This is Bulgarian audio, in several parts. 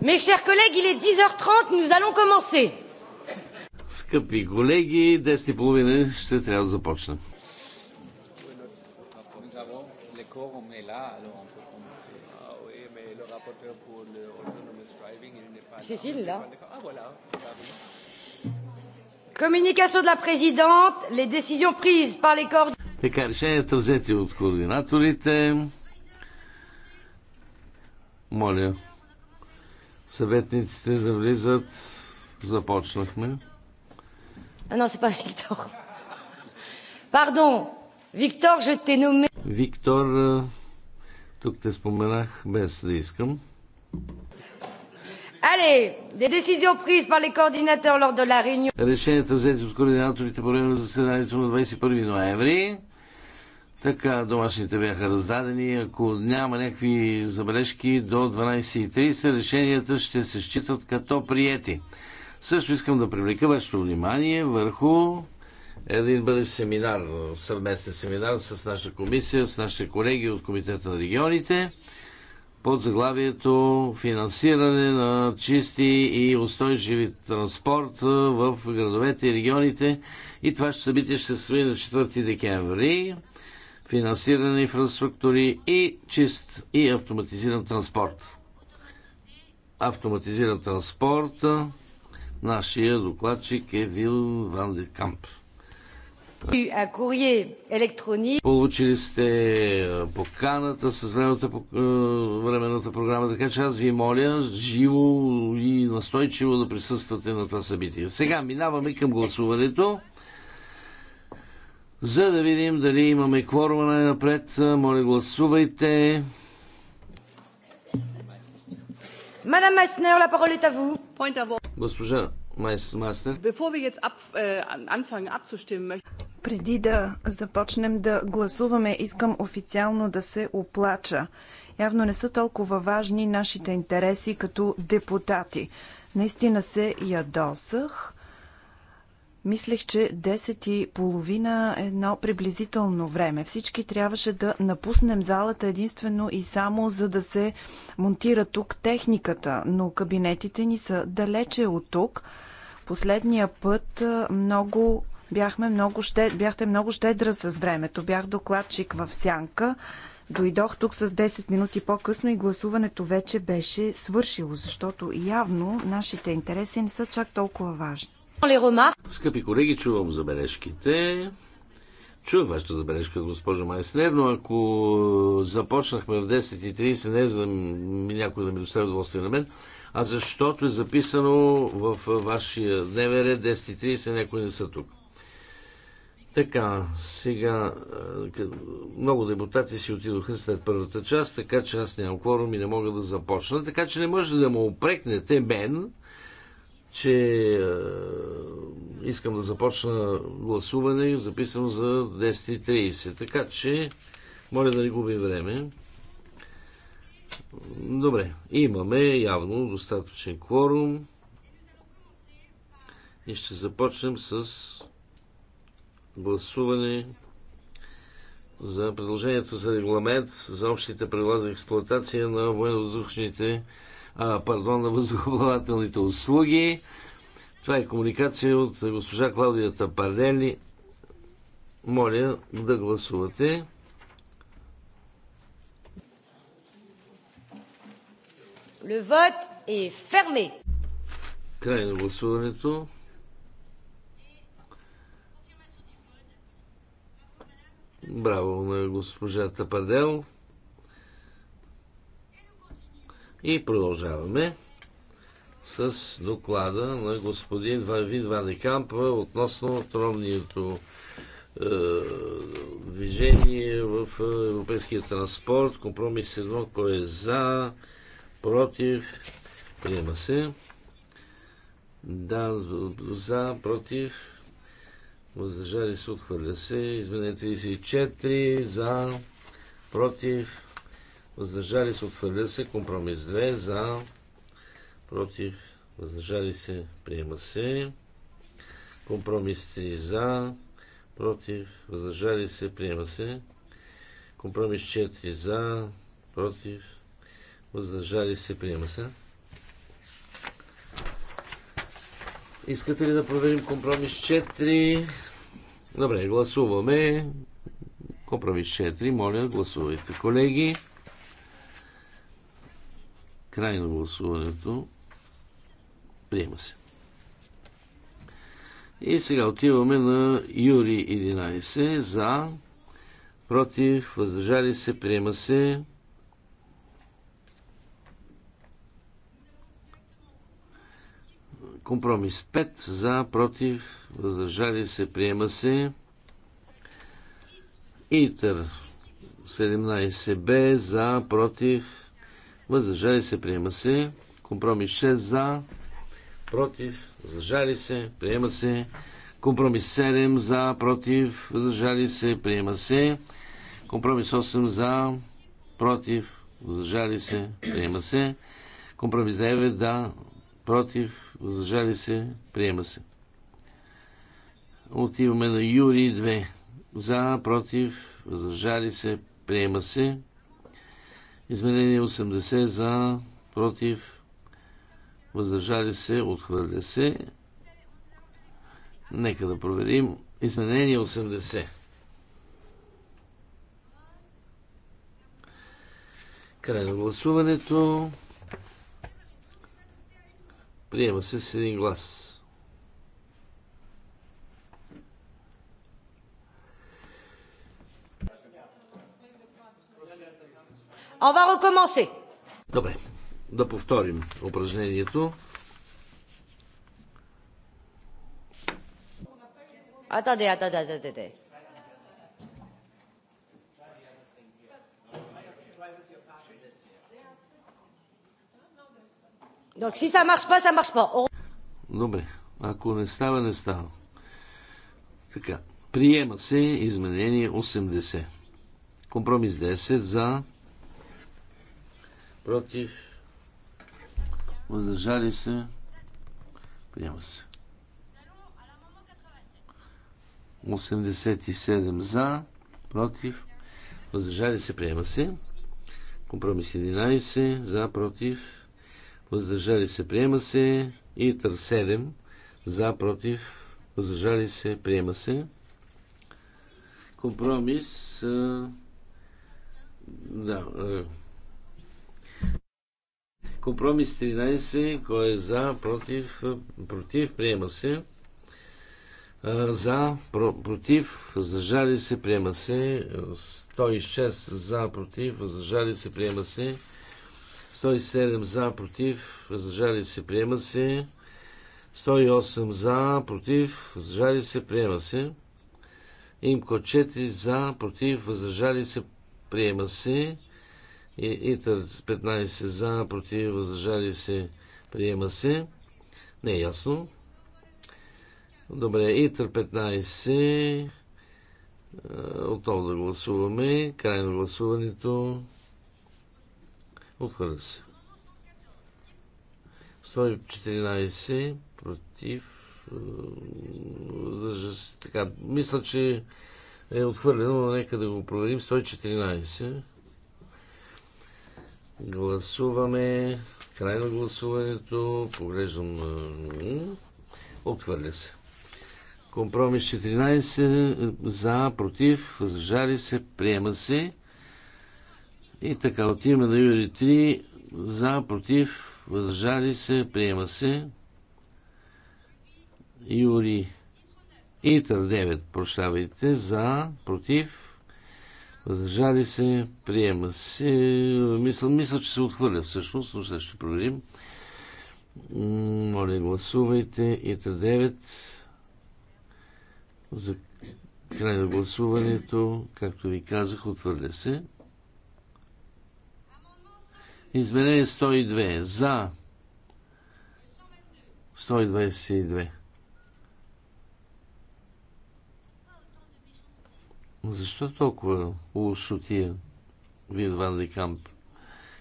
Mes chers collègues, il est 10h30, nous allons commencer. Скъпи колеги, 10.30 ще трябва да започнем. Cécile, là. Communication de la présidente, les décisions prises par les coordinateurs. Така, решенията взети от координаторите. Моля, съветниците да влизат. Започнахме. Но се па Виктор. Пардон. Виктор, ще те номи... Виктор, тук те споменах без да искам. Але, де décisions prises par координатор лор до ла la Решенията взети от координаторите по време на заседанието на 21 ноември. Така, домашните бяха раздадени. Ако няма някакви забележки до 12.30, решенията ще се считат като приети. Също искам да привлека вашето внимание върху един бъдещ семинар, съвместен семинар с нашата комисия, с нашите колеги от Комитета на регионите под заглавието Финансиране на чисти и устойчиви транспорт в градовете и регионите. И това ще събитие ще се състои на 4 декември финансиране на инфраструктури и чист и автоматизиран транспорт. Автоматизиран транспорт. Нашия докладчик е Вил Ван де Камп. Получили сте поканата с времената, времената програма, така че аз ви моля живо и настойчиво да присъствате на това събитие. Сега минаваме към гласуването за да видим дали имаме кворума напред. Моля, гласувайте. Мадам Майснер, ла parole est à Госпожа Майснер. Bevor wir jetzt ab, äh, anfangen abzustimmen, преди да започнем да гласуваме, искам официално да се оплача. Явно не са толкова важни нашите интереси като депутати. Наистина се ядосах Мислех, че 10 и половина е едно приблизително време. Всички трябваше да напуснем залата единствено и само за да се монтира тук техниката, но кабинетите ни са далече от тук. Последния път много бяхме много щед, бяхте много щедра с времето. Бях докладчик в Сянка. Дойдох тук с 10 минути по-късно и гласуването вече беше свършило, защото явно нашите интереси не са чак толкова важни. Скъпи колеги, чувам забележките. Чувам вашата забележка, госпожо Майснер, но ако започнахме в 10.30, не за някой да ми достави удоволствие на мен, а защото е записано в вашия дневен 10.30, някои не са тук. Така, сега е, много депутати си отидоха след първата част, така че аз нямам кворум и не мога да започна, така че не може да му опрекнете мен, че искам да започна гласуване, записано за 10.30. Така че, моля да не губим време. Добре, имаме явно достатъчен кворум. И ще започнем с гласуване за предложението за регламент за общите правила за експлуатация на военно-въздушните а, пардон, на въздухоплавателните услуги. Това е комуникация от госпожа Клаудия Тапарели. Моля да гласувате. Le vote est fermé. Край на гласуването. Браво на госпожата Падел. И продължаваме с доклада на господин Вавин Вадекамп относно автономното е, движение в е, европейския транспорт. Компромис едно, кой е за, против, приема се. Да, за, против, въздържали се, отхвърля се. изменение 34, за, против, въздържали се, отхвърля се, компромис 2 за, против, въздържали се, приема се, компромис 3 за, против, въздържали се, приема се, компромис 4 за, против, въздържали се, приема се. Искате ли да проверим компромис 4? Добре, гласуваме. Компромис 4, моля, гласувайте, колеги. Край на гласуването. Приема се. И сега отиваме на Юри 11. За, против, въздържали се, приема се. Компромис 5. За, против, въздържали се, приема се. ИТер 17б. За, против, въздържали се, приема се. Компромис 6 за, против, въздържали се, приема се. Компромис 7 за, против, въздържали се, приема се. Компромис 8 за, против, въздържали се, приема се. Компромис 9 да, против, въздържали се, приема се. Отиваме на Юри 2. За, против, въздържали се, приема се. Изменение 80 за, против, въздържали се, отхвърля се. Нека да проверим. Изменение 80. Край на гласуването. Приема се с един глас. On va recommencer. Добре, да повторим упражнението. Attendez, да, attendez. Donc да, ça marche pas, ça marche pas. Добре. Ако не става, не става. Така. Приема се изменение 80. Компромис 10 за против, въздържали се, приема се. 87 за, против, въздържали се, приема се. Компромис 11 за, против, въздържали се, приема се. И 7 за, против, въздържали се, приема се. Компромис. Да, Компромис 13, кой е за, против, против, приема се. За, про, против, зажали се, приема се. 106 за, против, зажали се, приема се. 107 за, против, зажали се, приема се. 108 за, против, зажали се, приема се. Имко 4 за, против, възражали се, приема се и ИТър 15 за, против, въздържали се, приема се. Не е ясно. Добре, ИТър 15. Е, отново да гласуваме. Край на гласуването. Отхвърля се. 114 против. Е, въздържа се. Така, мисля, че е отхвърлено, но нека да го проверим. 114. Гласуваме. Край на гласуването. Поглеждам. Отхвърля се. Компромис 14. За, против, въздържали се, приема се. И така, отиваме на Юри 3. За, против, въздържали се, приема се. Юри Итър 9, прощавайте, за, против, Въздържали се, приема се. Мисля, мисля, че се отхвърля всъщност, но сега ще проверим. Моля, гласувайте. И 9. За край на гласуването, както ви казах, отвърля се. Изменение 102. За 122. Защо толкова лошотия Вин Ван Декамп?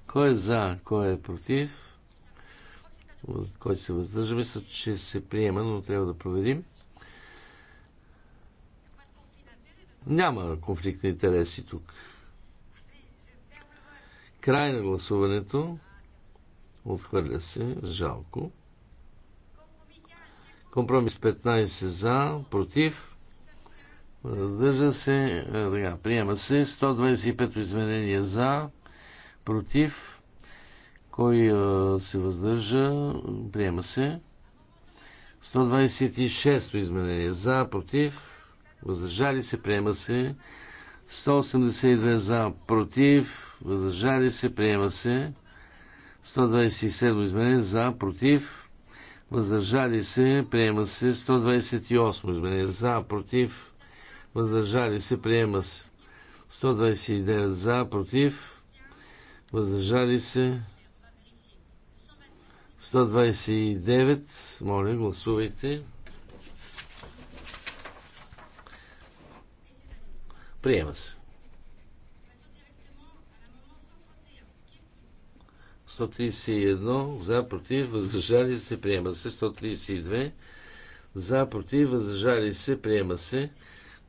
Кой е за, кой е против, кой се въздържа? Мисля, че се приема, но трябва да проверим. Няма конфликт на интереси тук. Край на гласуването. Отхвърля се. Жалко. Компромис 15 за, против Въздържа се. Е, така, приема се. 125 изменения за. Против. Кой е, се въздържа? Приема се. 126 изменения за. Против. Въздържали се. Приема се. 182 за. Против. Въздържали се. Приема се. 127 изменение за. Против. Въздържали се. Приема се. 128 изменение за. Против въздържали се, приема се. 129 за, против, въздържали се. 129, моля, гласувайте. Приема се. 131 за, против, въздържали се, приема се. 132 за, против, въздържали се, приема се.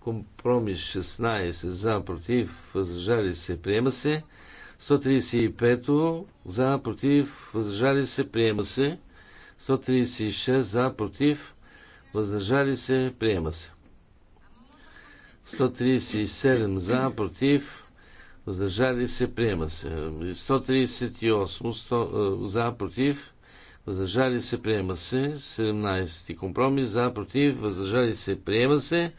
Компромис 16 за, против, въздържали се, приема се. 135 за, против, въздържали се, приема се. 136 за, против, въздържали се, приема се. 137 за, против, въздържали се, приема се. 138 100, е, за, против, въздържали се, приема се. 17 компромис за, против, въздържали се, приема се.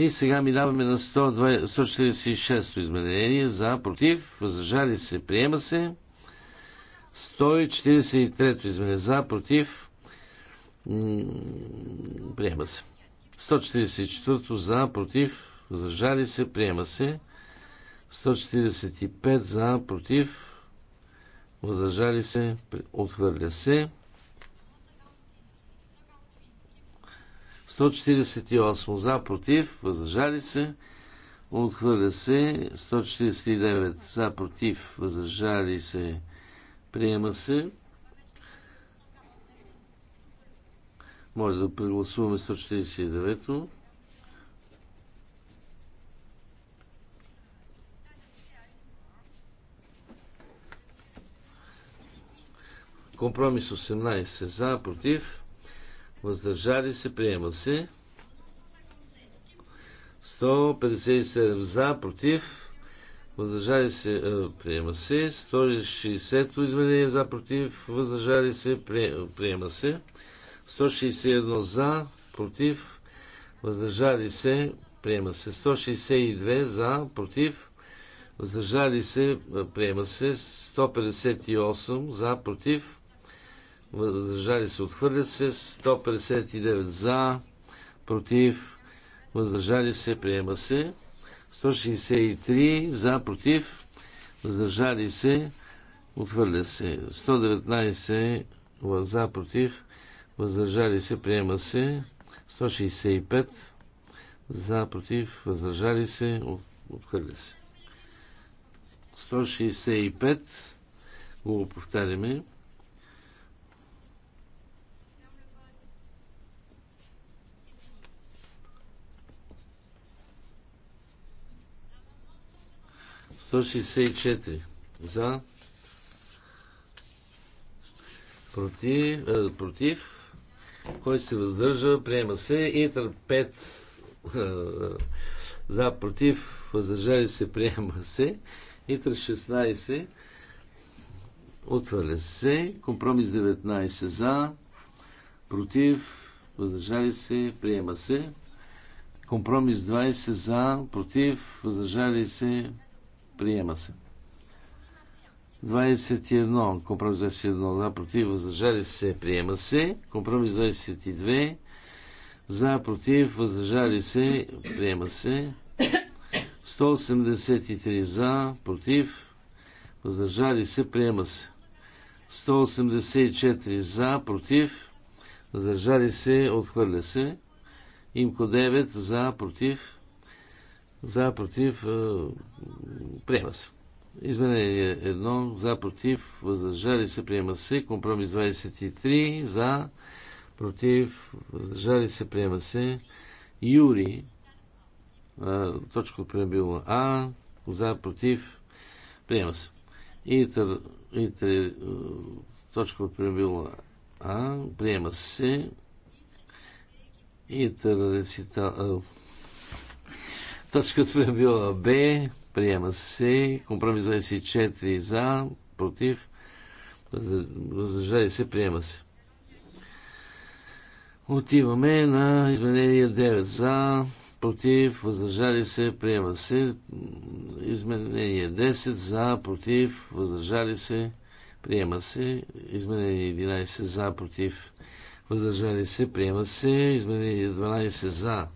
И сега минаваме на 146-то изменение. За, против, въздържали се, приема се. 143-то изменение. За, против, приема се. 144-то за, против, въздържали се, приема се. 145 за, против, въздържали се, отхвърля се. 148 за, против, въздържали се. Отхвърля се 149 за, против, въздържали се. Приема се. Моля да прегласуваме 149-то. Компромис 18 за, против, въздържали се, приема се. 157 е, за, против, въздържали се, приема се. 160 изменение за, против, въздържали се, е, приема се. 161 за, против, въздържали се, приема се. 162 за, против, въздържали се, приема се. 158 за, против, въздържали се, отхвърля се, 159 за, против, въздържали се, приема се, 163 за, против, въздържали се, отхвърля се, 119 за, против, въздържали се, приема се, 165 за, против, въздържали се, отхвърля се. 165 го повтаряме. 164 за, е, против, э, против който се въздържа, приема се и 5 э, за, против, въздържали се, приема се и 16 отваря се, компромис 19 за, против, въздържали се, приема се, компромис 20 за, против, въздържали се, Приема се. 21. Компромис 21. За, против, въздържали се. Приема се. Компромис 22. За, против, въздържали се. Приема се. 183 за, против, въздържали се, приема се. 184 за, против, въздържали се, отхвърля се. Имко 9 за, против, за, против, е, приема се. Изменение 1, за, против, въздържали се, приема се. Компромис 23, за, против, въздържали се, приема се. Юри, е, точка от преамбила А, за, против, приема се. Итър, е, точка преамбила А, приема се. Итер рецитал, е, Точка 2 е била Б. Приема се. Компромис 24 за. Против. Въздържали се. Приема се. Отиваме на изменение 9 за. Против. Въздържали се. Приема се. Изменение 10 за. Против. Въздържали се. Приема се. Изменение 11 за. Против. Въздържали се. Приема се. Изменение 12 за.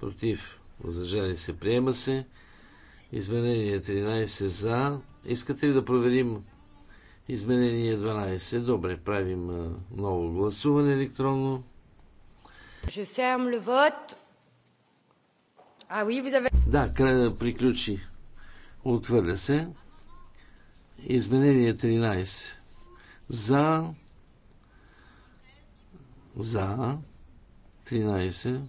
Против въздържали се, приема се. Изменение 13 за. Искате ли да проверим изменение 12? Добре, правим ново гласуване електронно. Je ferme le vote. А, ah oui, vous avez... Да, край да приключи. Отвърля се. Изменение 13. За. За. 13.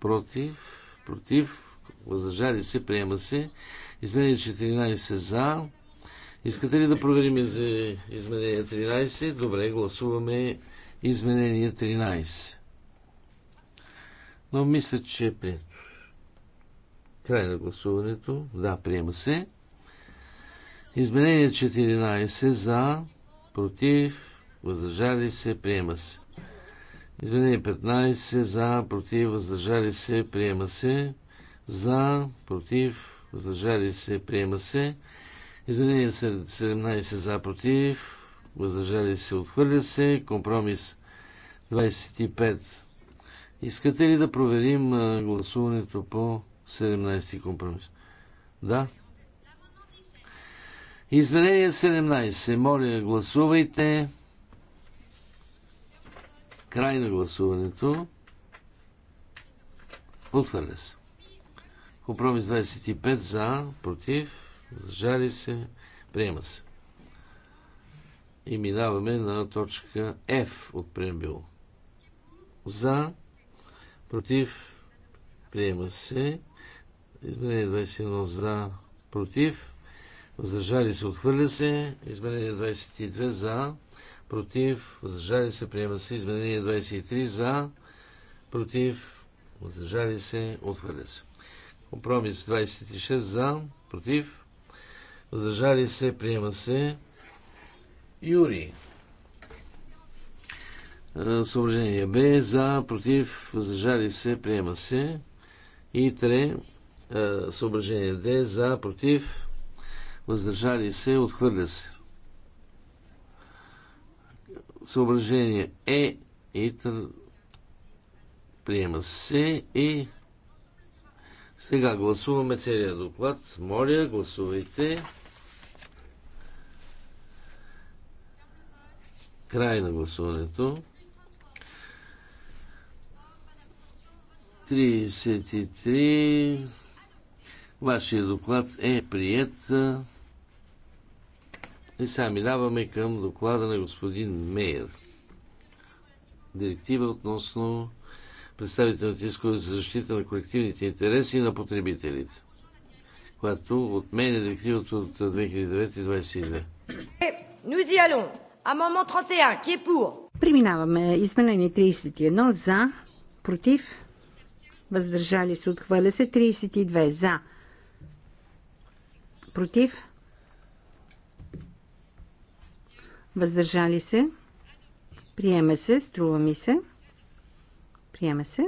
Против против, въздържали се, приема се. Изменение 14 за. Искате ли да проверим за изменение 13? Добре, гласуваме изменение 13. Но мисля, че е прието. Край на гласуването. Да, приема се. Изменение 14 за, против, въздържали се, приема се. Изменение 15 за, против, въздържали се, приема се. За, против, въздържали се, приема се. Изменение 17 за, против, въздържали се, отхвърля се. Компромис 25. Искате ли да проверим гласуването по 17 компромис? Да? Изменение 17. Моля, гласувайте. Край на гласуването. Отхвърля се. Компромис 25 за, против, зажали се, приема се. И минаваме на точка F от преамбюл. За, против, приема се. Изменение 21 за, против, въздържали се, отхвърля се. Изменение 22 за, против, въздържали се, приема се. Изменение 23 за, против, въздържали се, отхвърля се. Компромис 26 за, против, въздържали се, приема се. Юри. Съображение Б. За, против, въздържали се, приема се. И 3. Съображение Д. За, против, въздържали се, отхвърля се. Съображение Е. тър... Приема се и сега гласуваме целият доклад. Моля, гласувайте. Край на гласуването. 33. Вашия доклад е прият. И сега минаваме към доклада на господин Мейер. Директива относно представителните искове за защита на колективните интереси на потребителите, която отменя директивата от 2009-22. Е, Преминаваме изменение 31 за, против, въздържали се, отхвърля се 32 за, против, Въздържали се. Приема се. Струва ми се. Приема се.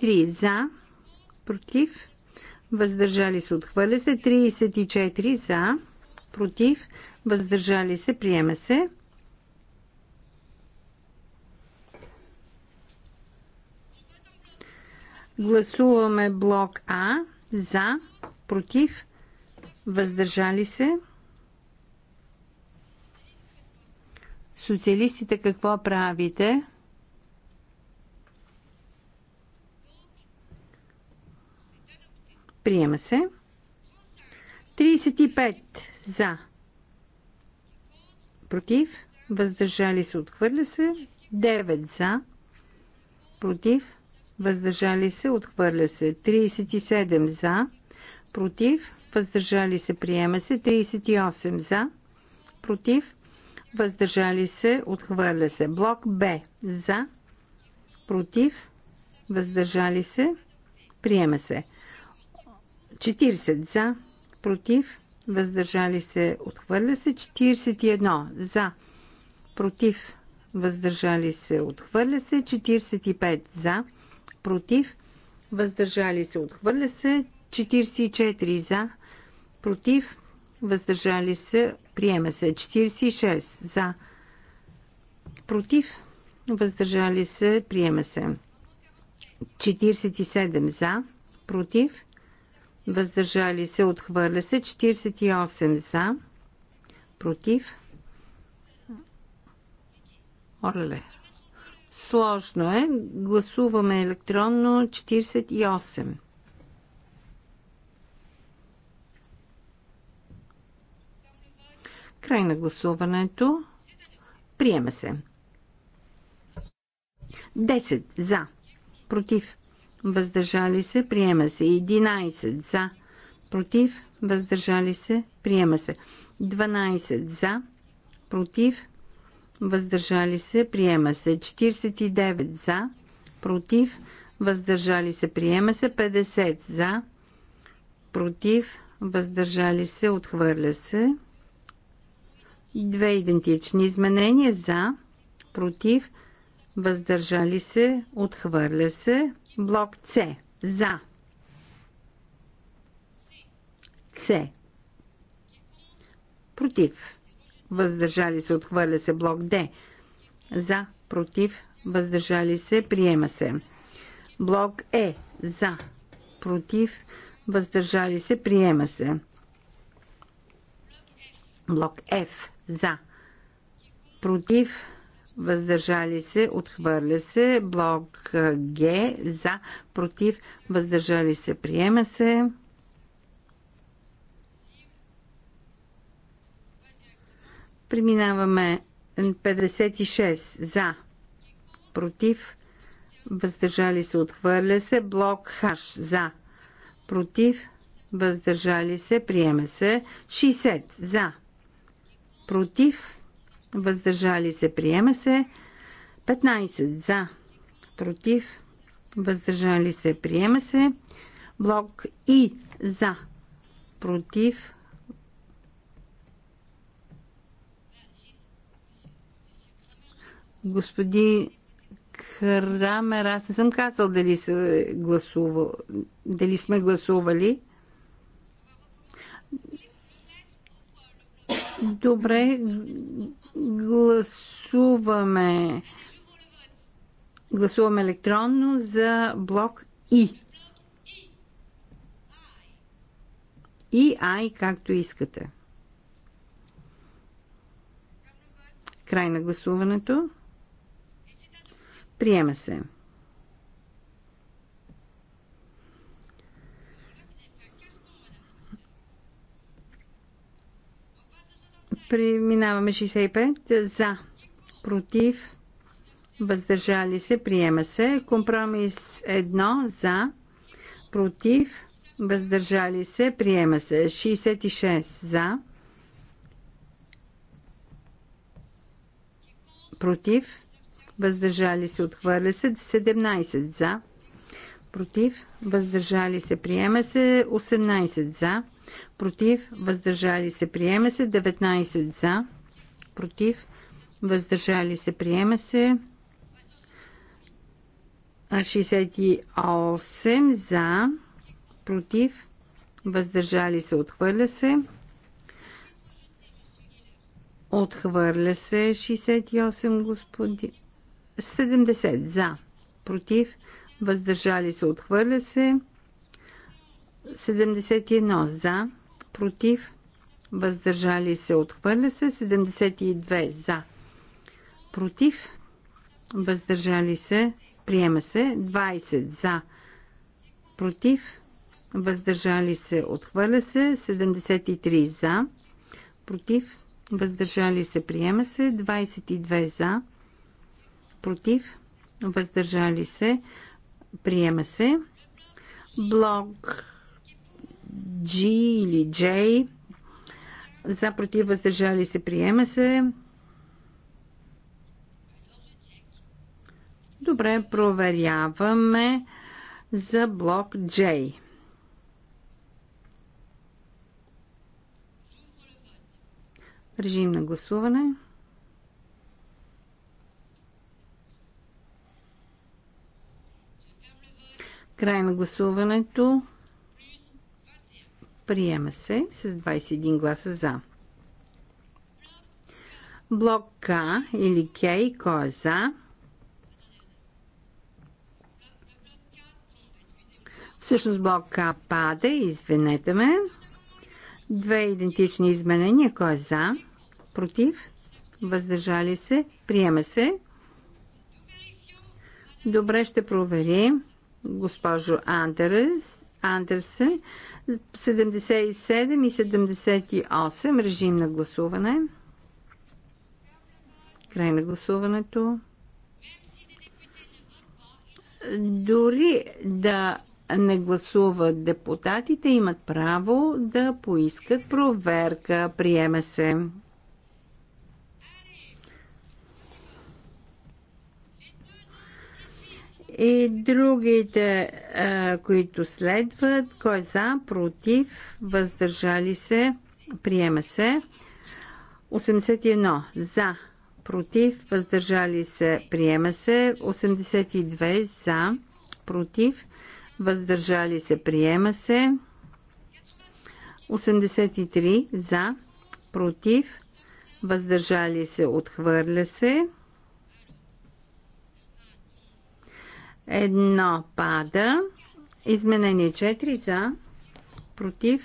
Тридесет за. Против. Въздържали се. Отхвърля се. 34 за. Против. Въздържали се. Приема се. Гласуваме блок А за, против, въздържали се. Социалистите какво правите? Приема се. 35 за. Против. Въздържали се. Отхвърля се. 9 за. Против въздържали се, отхвърля се. 37 за, против, въздържали се, приема се. 38 за, против, въздържали се, отхвърля се. Блок Б за, против, въздържали се, приема се. 40 за, против, въздържали се, отхвърля се. 41 за, против, въздържали се, отхвърля се. 45 за, против, против, въздържали се, отхвърля се. 44 за, против, въздържали се, приема се. 46 за, против, въздържали се, приема се. 47 за, против, въздържали се, отхвърля се. 48 за, против. Орле. Сложно е. Гласуваме електронно 48. Край на гласуването. Приема се. 10 за. Против. Въздържали се. Приема се. 11 за. Против. Въздържали се. Приема се. 12 за. Против въздържали се, приема се. 49 за, против, въздържали се, приема се. 50 за, против, въздържали се, отхвърля се. Две идентични изменения за, против, въздържали се, отхвърля се. Блок С. За. С. Против въздържали се, отхвърля се. Блок Д за, против, въздържали се, приема се. Блок Е за, против, въздържали се, приема се. Блок Ф за, против, въздържали се, отхвърля се. Блок Г за, против, въздържали се, приема се. Преминаваме 56 за, против, въздържали се, отхвърля се. Блок хаш за, против, въздържали се, приема се. 60 за, против, въздържали се, приема се. 15 за, против, въздържали се, приема се. Блок и за, против, Господин Крамер, аз не съм казал дали, се гласува, дали сме гласували. Добре, гласуваме. Гласуваме електронно за блок И. И Ай, както искате. Край на гласуването. Приема се. Преминаваме 65. За. Против. Въздържали се. Приема се. Компромис 1. За. Против. Въздържали се. Приема се. 66. За. Против въздържали се, отхвърля се. 17 за, против, въздържали се, приема се. 18 за, против, въздържали се, приема се. 19 за, против, въздържали се, приема се. 68 за, против, въздържали се, отхвърля се. Отхвърля се 68 господи. 70 за, против, въздържали се, отхвърля се. 71 за, против, въздържали се, отхвърля се. 72 за, против, въздържали се, приема се. 20 за, против, въздържали се, отхвърля се. 73 за, против, въздържали се, приема се. 22 за, против, въздържали се, приема се. Блок G или J за против, въздържали се, приема се. Добре, проверяваме за блок J. Режим на гласуване. Край на гласуването. Приема се с 21 гласа за. Блок К или К, кой е за? Всъщност блок К пада, извинете ме. Две идентични изменения, кой е за? Против? Въздържали се? Приема се. Добре, ще проверим госпожо Андерес, Андерсе. 77 и 78. Режим на гласуване. Край на гласуването. Дори да не гласуват депутатите, имат право да поискат проверка. Приеме се. И другите, които следват, кой за, против, въздържали се, приема се. 81 за, против, въздържали се, приема се. 82 за, против, въздържали се, приема се. 83 за, против, въздържали се, отхвърля се. Едно пада. Изменение 4 за, против,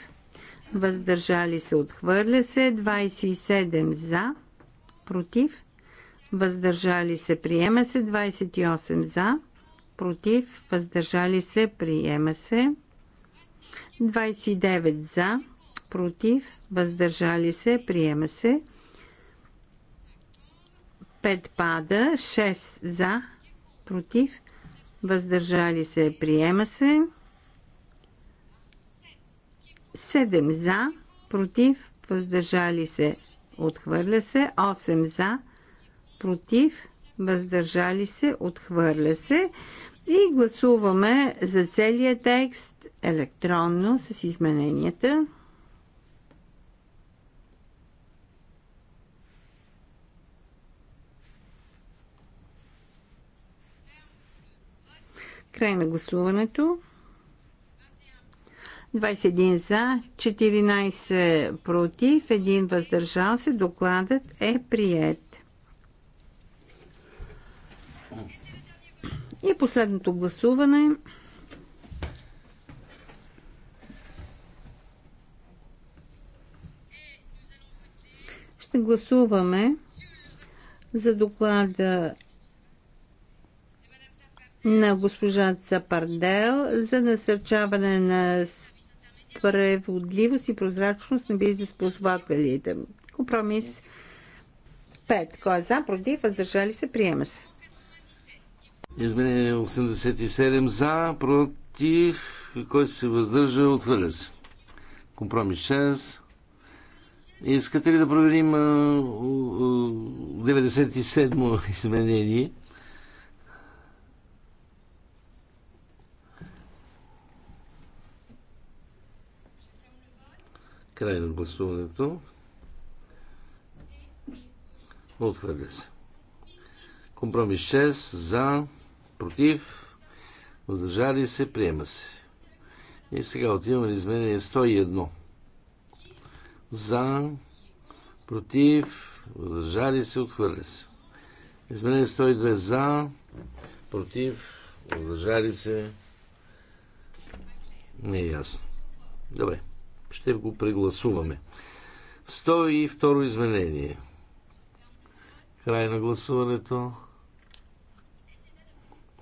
въздържали се, отхвърля се. 27 за, против, въздържали се, приема се. 28 за, против, въздържали се, приема се. 29 за, против, въздържали се, приема се. 5 пада, 6 за, против, въздържали се, приема се. 7 за, против, въздържали се, отхвърля се. 8 за, против, въздържали се, отхвърля се. И гласуваме за целия текст електронно с измененията. Край на гласуването. 21 за, 14 против, 1 въздържал се. Докладът е прият. И последното гласуване. Ще гласуваме за доклада на госпожа Цапардел за насърчаване на справедливост и прозрачност на бизнес ползвателите. Компромис 5. Кой е за, против, въздържали се, приема се. Изменение 87 за, против, кой се въздържа, отхвърля се. Компромис 6. Искате ли да проверим 97 изменение? Край на гласуването. Отвърля се. Компромис 6 за, против, въздържали се, приема се. И сега отиваме на изменение 101. За, против, въздържали се, отхвърля се. Изменение 102 за, против, въздържали се. Не е ясно. Добре ще го прегласуваме. 102 изменение. Край на гласуването.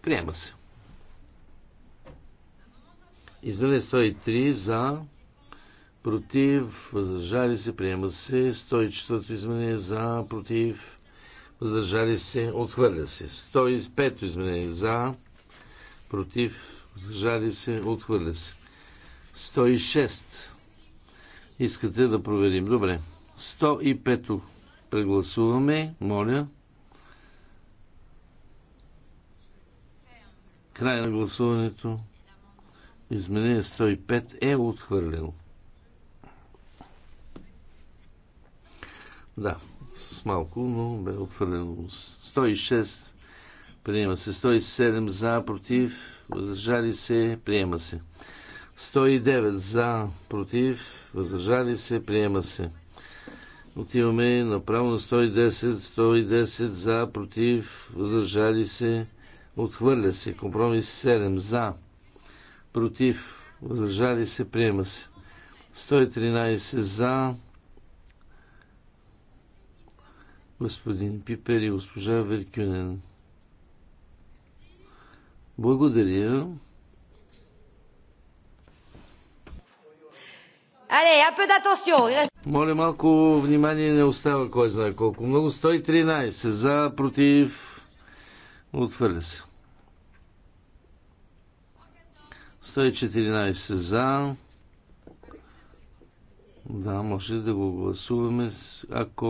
Приема се. Изменение 103 за, против, въздържали се, приема се. 104 изменение за, против, въздържали се, отхвърля се. 105 изменение за, против, въздържали се, отхвърля се. 106 Искате да проверим. Добре. 105-то прегласуваме. Моля. Край на гласуването. Изменение 105 е отхвърлено. Да, с малко, но бе отхвърлено. 106 приема се. 107 за, против, въздържали се, приема се. 109 за, против, въздържали се, приема се. Отиваме направо на 110, 110 за, против, въздържали се, отхвърля се. Компромис 7 за, против, въздържали се, приема се. 113 за, господин Пипер и госпожа Веркюнен. Благодаря. Але, я пе датасио. Моля малко внимание, не остава кой знае колко. Много 113 за, против, отвърля се. 114 за. Да, може да го гласуваме, ако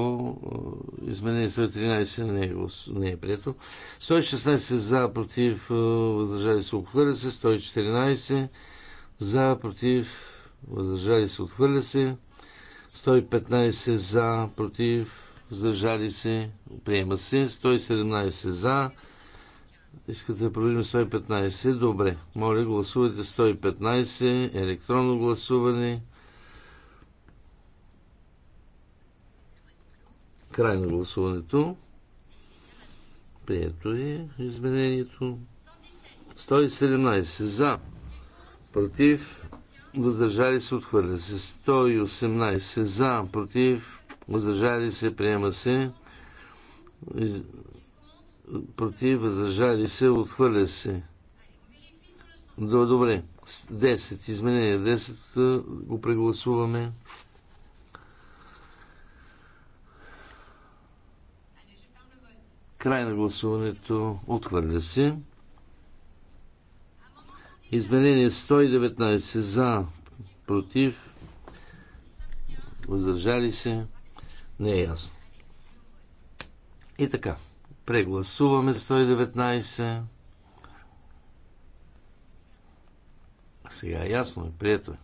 е, изменение 113 не е, не е прието. 116 за, против, е, възражали се, отвърля се. 114 за, против, въздържали се, отхвърля се. 115 за, против, въздържали се, приема се. 117 за, искате да проверим 115, добре. Моля, гласувайте 115, електронно гласуване. Край на гласуването. Прието е изменението. 117 за, против, въздържали се, отхвърля се. 118 за, против, въздържали се, приема се. Из... Против, въздържали се, отхвърля се. Добре, 10, изменение 10, го прегласуваме. Край на гласуването, отхвърля се. Изменение 119 за, против, въздържали се, не е ясно. И така, прегласуваме 119. Сега е ясно и прието е.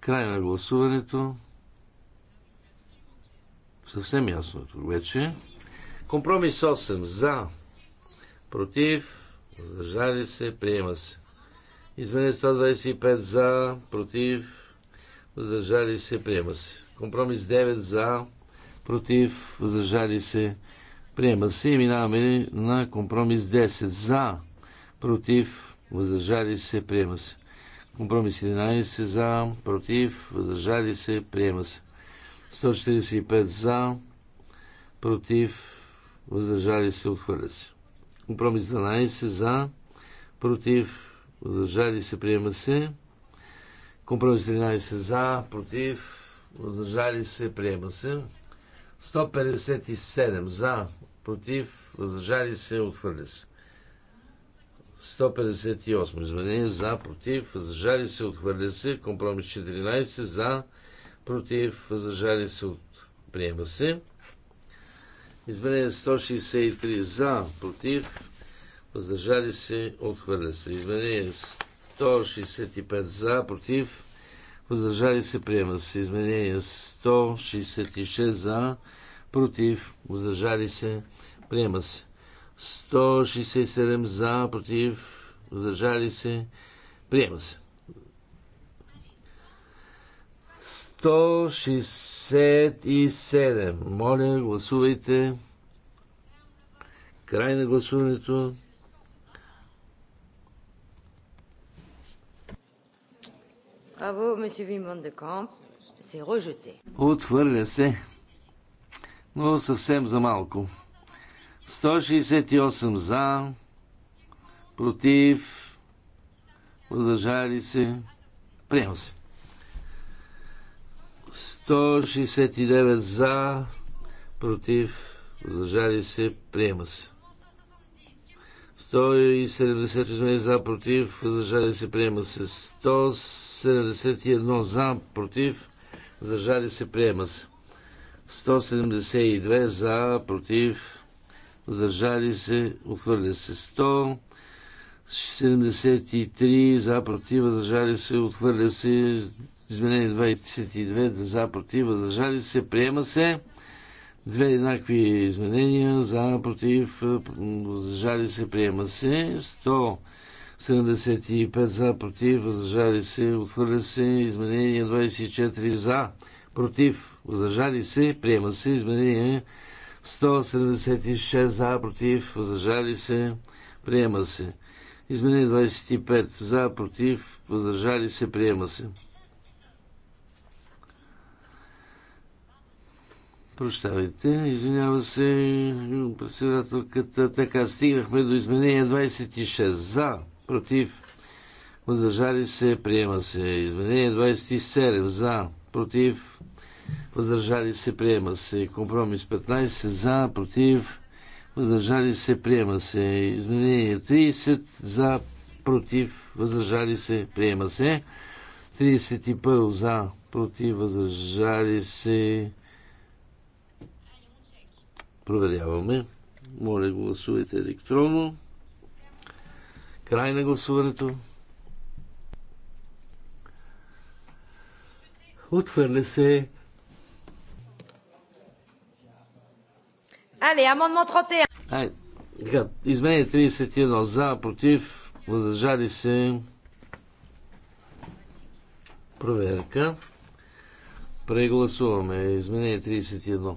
Край на гласуването. Съвсем ясно е вече. Компромис 8 за, против, въздържали се, приема се. Изменение 125 за, против, въздържали се, приема се. Компромис 9 за, против, въздържали се, приема се. И минаваме на компромис 10 за, против, въздържали се, приема се. Компромис 11 за, против, въздържали се, приема се. 145 за, против, въздържали се, отхвърля се. Компромис 12 за, против, въздържали се, приема се. Компромис 13 за, против, въздържали се, приема се. 157 за, против, въздържали се, отхвърля се. 158 изменение за, против, въздържали се, отхвърля се. Компромис 14 за, против, въздържали се, от... приема се. Изменение 163 за, против, въздържали се, отхвърля се. Изменение 165 за, против, въздържали се, приема се. Изменение 166 за, против, въздържали се, приема се. 167 за, против, въздържали се, приема се. 167. Моля, гласувайте. Край на гласуването. Браво, месье Вимон де Камп. Се ръжете. Отхвърля се. Но съвсем за малко. 168 за, против, въздържали се. Приема се. 169 за, против, въздържали се, приема се. 170 измени за, против, въздържали се, приема се. 171 за, против, въздържали се, приема се. 172 за, против, въздържали се, отхвърля се. 100 73 за, против, въздържали се, отхвърля се Изменение 22 за, против, въздържали се, приема се. Две еднакви изменения за, против, въздържали се, приема се. 175 за, против, въздържали се, отхвърля се. Изменение 24 за, против, въздържали се, приема се. Изменение 176 за, против, въздържали се, приема се. Изменение 25 за, против, въздържали се, приема се. Прощавайте, извинява се председателката. Така, стигнахме до изменение 26. За, против, въздържали се, приема се. Изменение 27. За, против, въздържали се, приема се. Компромис 15. За, против, въздържали се, приема се. Изменение 30. За, против, въздържали се, приема се. 31. За, против, въздържали се, Проверяваме. Моля, гласувайте електронно. Край на гласуването. Отвърля се. Але, амонмент 31. Ай, така, измене 31 за, против, въздържали се. Проверка. Прегласуваме. Изменение 31.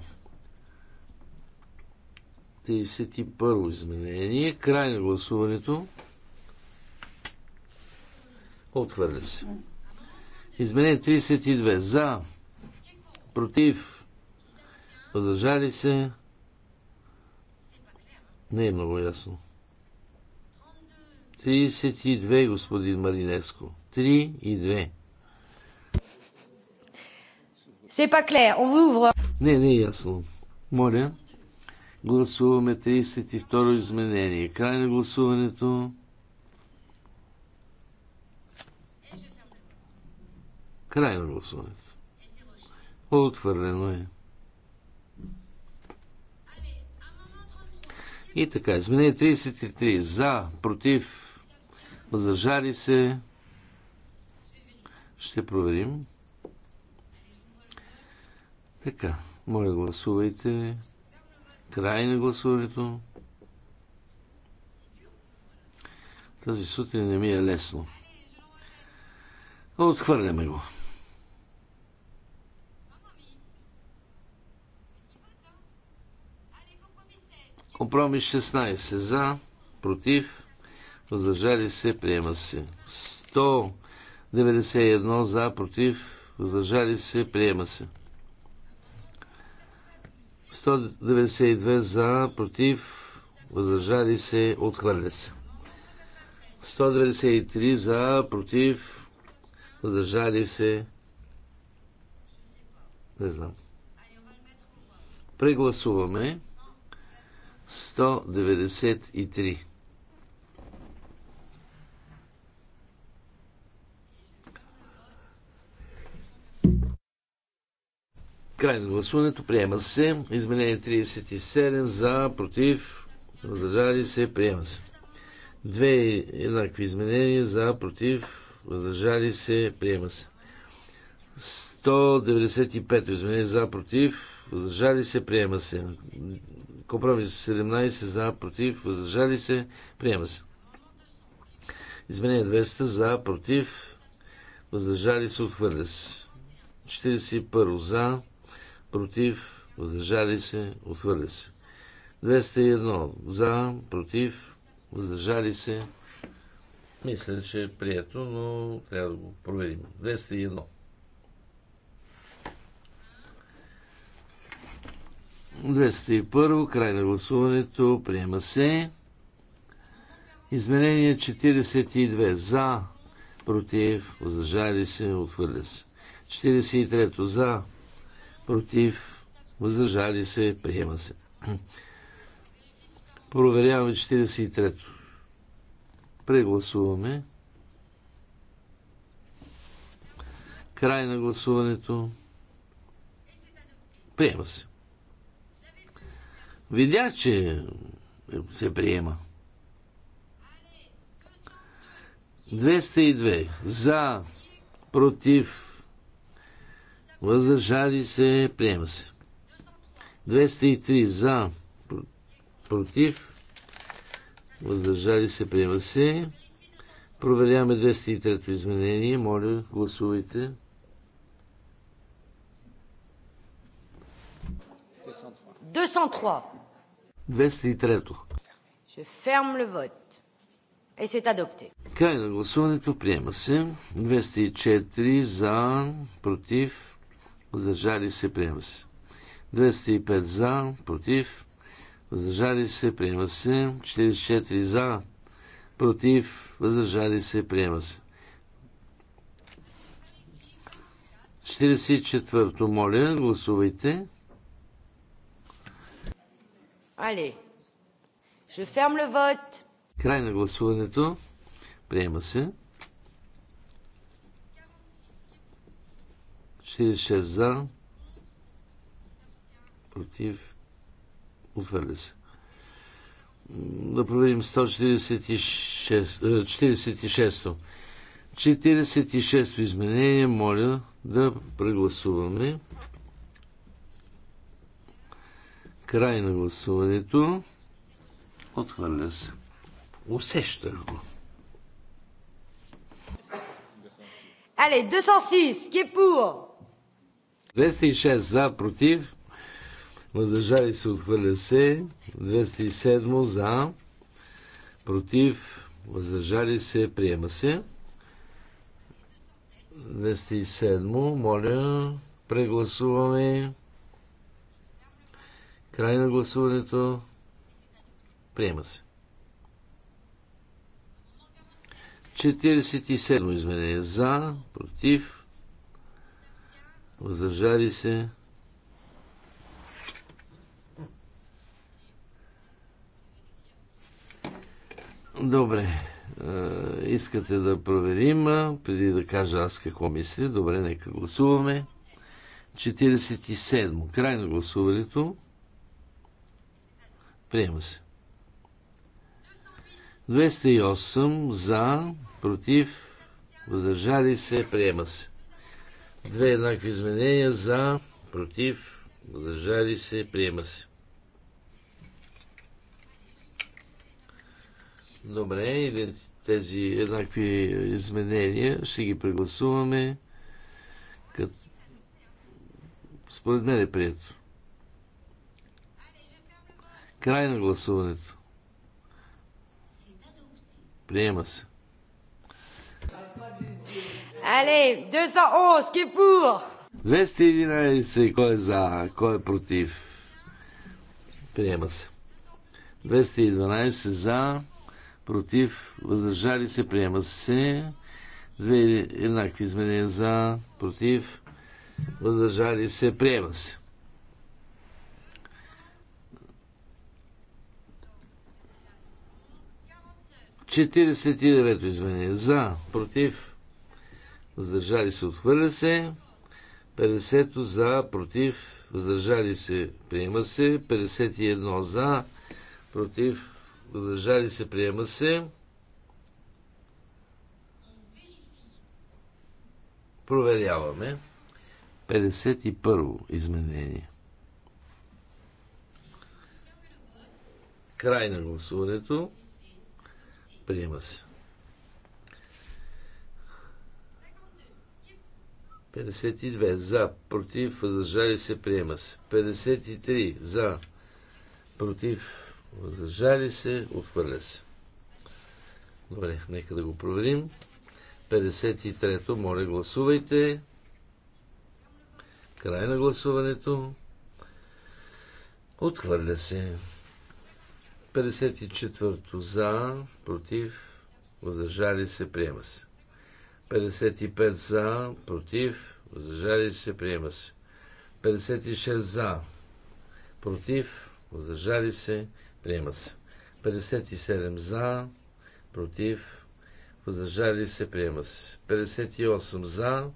31 изменение. Край на гласуването. Отвърля се. Изменение 32. За. Против. Въздържали се. Не е много ясно. 32, господин Маринеско. 3 и 2. C'est pas clair, on ouvre. Не, не е ясно. Моля. Гласуваме 32 изменение. Край на гласуването. Край на гласуването. Отвърлено е. И така, изменение 33. За, против, въздържали се. Ще проверим. Така, моля гласувайте. Край на гласуването. Тази сутрин не ми е лесно. Отхвърляме го. Компромис 16 за, против, въздържали се, приема се. 191 за, против, въздържали се, приема се. 192 за, против, въздържали се, отхвърля се. 193 за, против, въздържали се. Не знам. Прегласуваме. 193. Край на гласуването. Приема се. Изменение 37 за, против, въздържали се. Приема се. Две еднакви изменения за, против, въздържали се. Приема се. 195 изменение за, против, въздържали се. Приема се. Компромис 17 за, против, въздържали се. Приема се. Изменение 200 за, против, въздържали се. Отхвърля се. 41 за, против, въздържали се, отвърля се. 201 за, против, въздържали се. Мисля, че е прието, но трябва да го проверим. 201. Двеста първо, край на гласуването, приема се. Изменение 42. За, против, въздържали се, отвърля се. 43. За, против, въздържали се, приема се. Проверяваме 43-то. Прегласуваме. Край на гласуването. Приема се. Видях, че се приема. 202. За, против, въздържали се, приема се. 203 за, против, въздържали се, приема се. Проверяваме 203-то изменение. Моля, гласувайте. Je Край на гласуването приема се. 204 за, против, въздържали се, приема се. 205 за, против, въздържали се, приема се. 44 за, против, въздържали се, приема се. 44-то, моля, гласувайте. Але, ще ферм le Край на гласуването. Приема се. 46 за, против, отвърля се. Да проверим 146, 46-то. 46-то изменение, моля да прегласуваме. Край на гласуването. Отхвърля се. Усеща го. Але, 206, qui 206 за, против, въздържали се, отхвърля се. 207 за, против, въздържали се, приема се. 207, моля, прегласуваме. Край на гласуването. Приема се. 47 изменение за, против, въздържали се. Добре, искате да проверим, преди да кажа аз какво мисля. Добре, нека гласуваме. 47. Край на гласуването. Приема се. 208 за, против, въздържали се, приема се. Две еднакви изменения за, против, въздържали се, приема се. Добре, тези еднакви изменения ще ги прегласуваме. Кът... Според мен е прието. Край на гласуването. Приема се. Allez, 211, qui est pour 211, кой е за, кой е против? Приема се. 212 за, против, въздържали се, приема се. Две еднакви изменения за, против, въздържали се, приема се. Четиридесет и девето изменение за, против, въздържали се, отхвърля се. 50 за, против, въздържали се, приема се. 51 за, против, въздържали се, приема се. Проверяваме. 51 изменение. Край на гласуването. Приема се. 52 за, против, въздържали се, приема се. 53 за, против, въздържали се, отхвърля се. Добре, нека да го проверим. 53-то, моля гласувайте. Край на гласуването. Отхвърля се. 54-то за, против, въздържали се, приема се. 55 за, против, въздържали се, приема се. 56 за, против, въздържали се, приема се. 57 за, против, въздържали се, приема се. 58 за,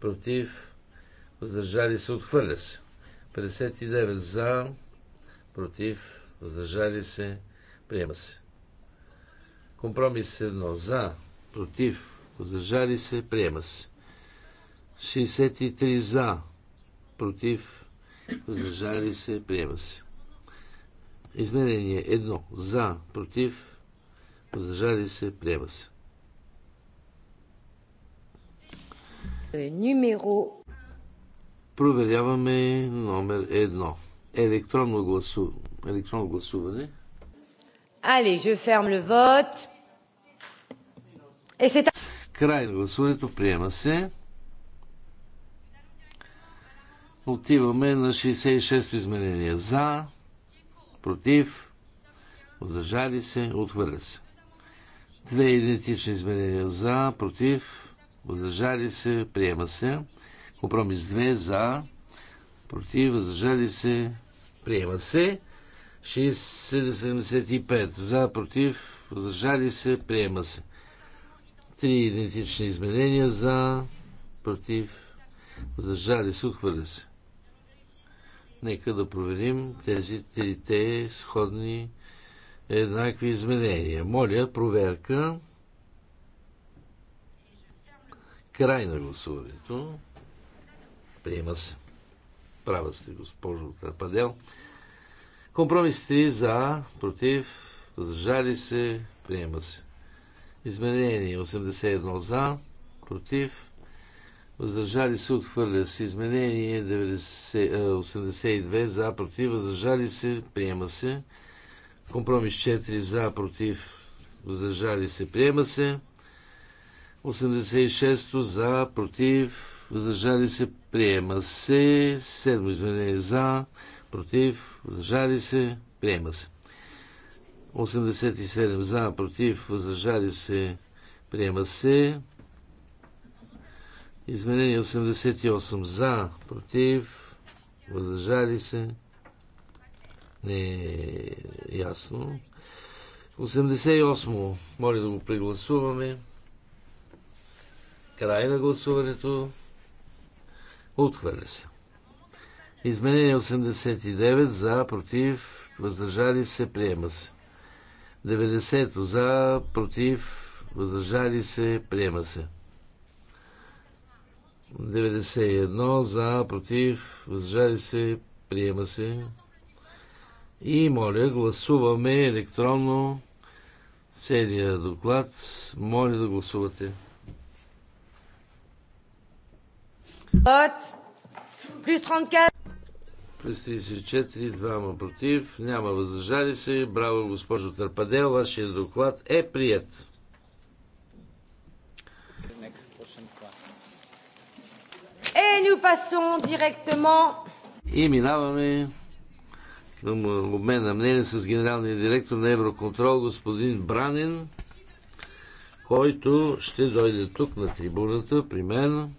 против, въздържали се, отхвърля се. 59 за, против, въздържали се, приема се. Компромис 1 за, против, въздържали се, приема се. 63 за, против, въздържали се, приема се. Изменение 1 за, против, въздържали се, приема се. Нюмеро. Проверяваме номер 1. Електронно, гласу... Електронно гласуване. Allez, je ferme le vote. Et c'est Край на гласуването. Приема се. Отиваме на 66-то изменение. За, против, Зажали се, отхвърля се. Две идентични изменения. За, против, въздържали се, приема се. Компромис 2. За, против, въздържали се, приема се. 75 За, против, въздържали се, приема се. Три идентични изменения за, против, въздържали се, отхвърля се. Нека да проверим тези трите сходни еднакви изменения. Моля, проверка. Край на гласуването. Приема се. Права сте, госпожо Карпадел. Компромис 3 за, против, въздържали се, приема се. Изменение 81 за, против, въздържали се, отхвърля се. Изменение 90, 82 е, за, против, въздържали се, приема се. Компромис 4 за, против, въздържали се, приема се. 86 за, против, въздържали се, приема се. 7 изменение за, против, въздържали се, приема се. 87 за, против, въздържали се, приема се. Изменение 88 за, против, въздържали се. Не е ясно. 88. Моля да го прегласуваме. Край на гласуването. Отхвърля се. Изменение 89 за, против, въздържали се, приема се. 90 за, против, въздържали се, приема се. 91 за, против, въздържали се, приема се. И моля, гласуваме електронно целият доклад. Моля да гласувате. Плюс 34. През 34, двама против, няма възражали се. Браво, госпожо Търпадел, вашия доклад е прият. И минаваме към обмен на мнение с генералния директор на Евроконтрол, господин Бранин, който ще дойде тук на трибуната при мен.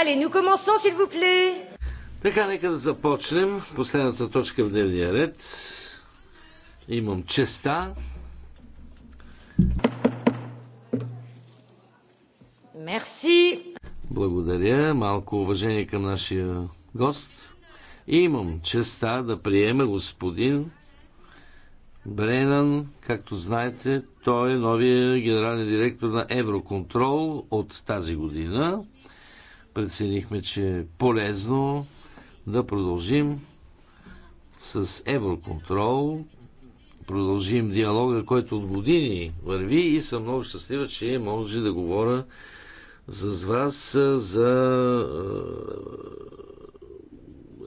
Allez, nous commençons, s'il vous plaît. Така, нека да започнем. Последната точка в дневния ред. Имам честа. Мерси. Благодаря. Малко уважение към нашия гост. И имам честа да приеме господин Бренан, както знаете, той е новия генерален директор на Евроконтрол от тази година преценихме, че е полезно да продължим с евроконтрол, продължим диалога, който от години върви и съм много щастлива, че може да говоря с вас за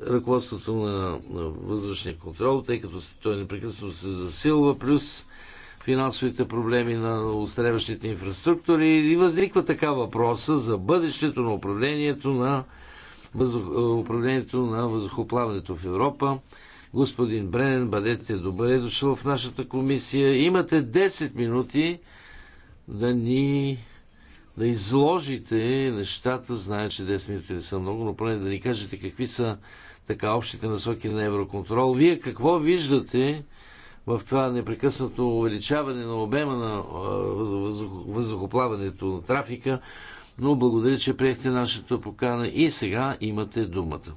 ръководството на въздушния контрол, тъй като той непрекъснато се засилва, плюс финансовите проблеми на устареващите инфраструктури и възниква така въпроса за бъдещето на управлението на, въздух, е, управлението на въздухоплаването в Европа. Господин Бренен, бъдете добре дошъл в нашата комисия. Имате 10 минути да ни да изложите нещата. Знае, че 10 минути не са много, но поне да ни кажете какви са така общите насоки на Евроконтрол. Вие какво виждате в това непрекъснато увеличаване на обема на въздухоплаването на трафика, но благодаря, че приехте нашата покана и сега имате думата.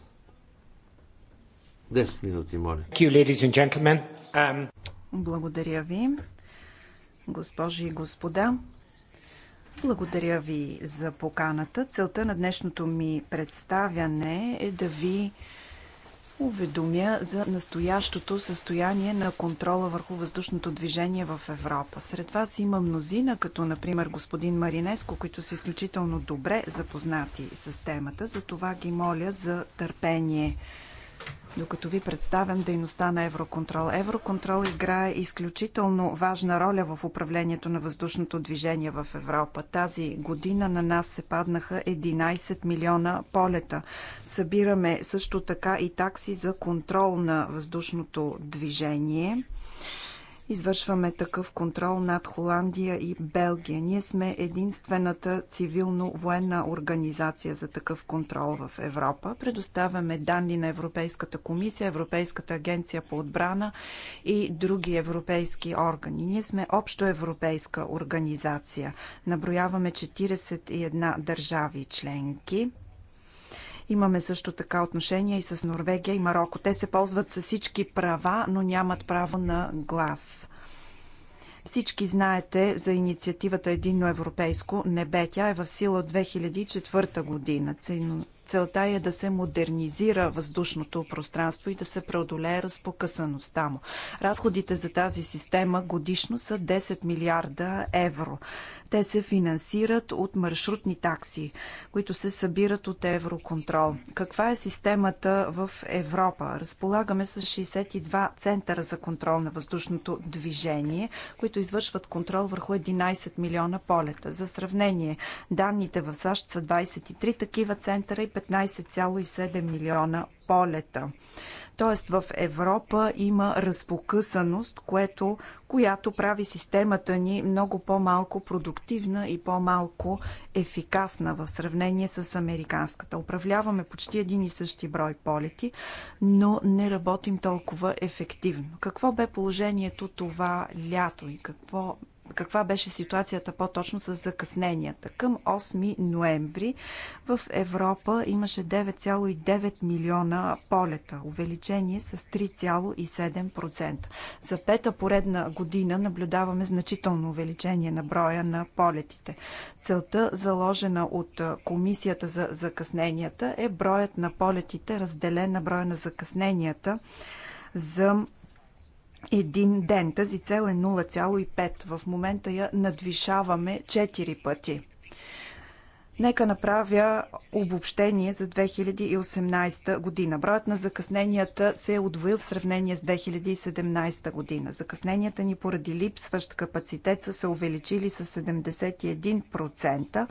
10 минути, моля. Um, благодаря ви, госпожи и господа. Благодаря ви за поканата. Целта на днешното ми представяне е да ви уведомя за настоящото състояние на контрола върху въздушното движение в Европа. Сред вас има мнозина, като например господин Маринеско, които са изключително добре запознати с темата, затова ги моля за търпение докато ви представям дейността на Евроконтрол. Евроконтрол играе изключително важна роля в управлението на въздушното движение в Европа. Тази година на нас се паднаха 11 милиона полета. Събираме също така и такси за контрол на въздушното движение. Извършваме такъв контрол над Холандия и Белгия. Ние сме единствената цивилно-военна организация за такъв контрол в Европа. Предоставяме данни на Европейската комисия, Европейската агенция по отбрана и други европейски органи. Ние сме общо европейска организация. Наброяваме 41 държави членки. Имаме също така отношения и с Норвегия и Марокко. Те се ползват с всички права, но нямат право на глас. Всички знаете за инициативата Единно европейско небе. Тя е в сила от 2004 година. Целта е да се модернизира въздушното пространство и да се преодолее разпокъсаността му. Разходите за тази система годишно са 10 милиарда евро. Те се финансират от маршрутни такси, които се събират от Евроконтрол. Каква е системата в Европа? Разполагаме с 62 центъра за контрол на въздушното движение, които извършват контрол върху 11 милиона полета. За сравнение, данните в САЩ са 23 такива центъра и 15,7 милиона полета. Тоест в Европа има разпокъсаност, което, която прави системата ни много по-малко продуктивна и по-малко ефикасна в сравнение с американската. Управляваме почти един и същи брой полети, но не работим толкова ефективно. Какво бе положението това лято и какво каква беше ситуацията по-точно с закъсненията. Към 8 ноември в Европа имаше 9,9 милиона полета, увеличение с 3,7%. За пета поредна година наблюдаваме значително увеличение на броя на полетите. Целта, заложена от Комисията за закъсненията, е броят на полетите разделен на броя на закъсненията за един ден. Тази цел е 0,5. В момента я надвишаваме 4 пъти. Нека направя обобщение за 2018 година. Броят на закъсненията се е удвоил в сравнение с 2017 година. Закъсненията ни поради липсващ капацитет са се увеличили с 71%.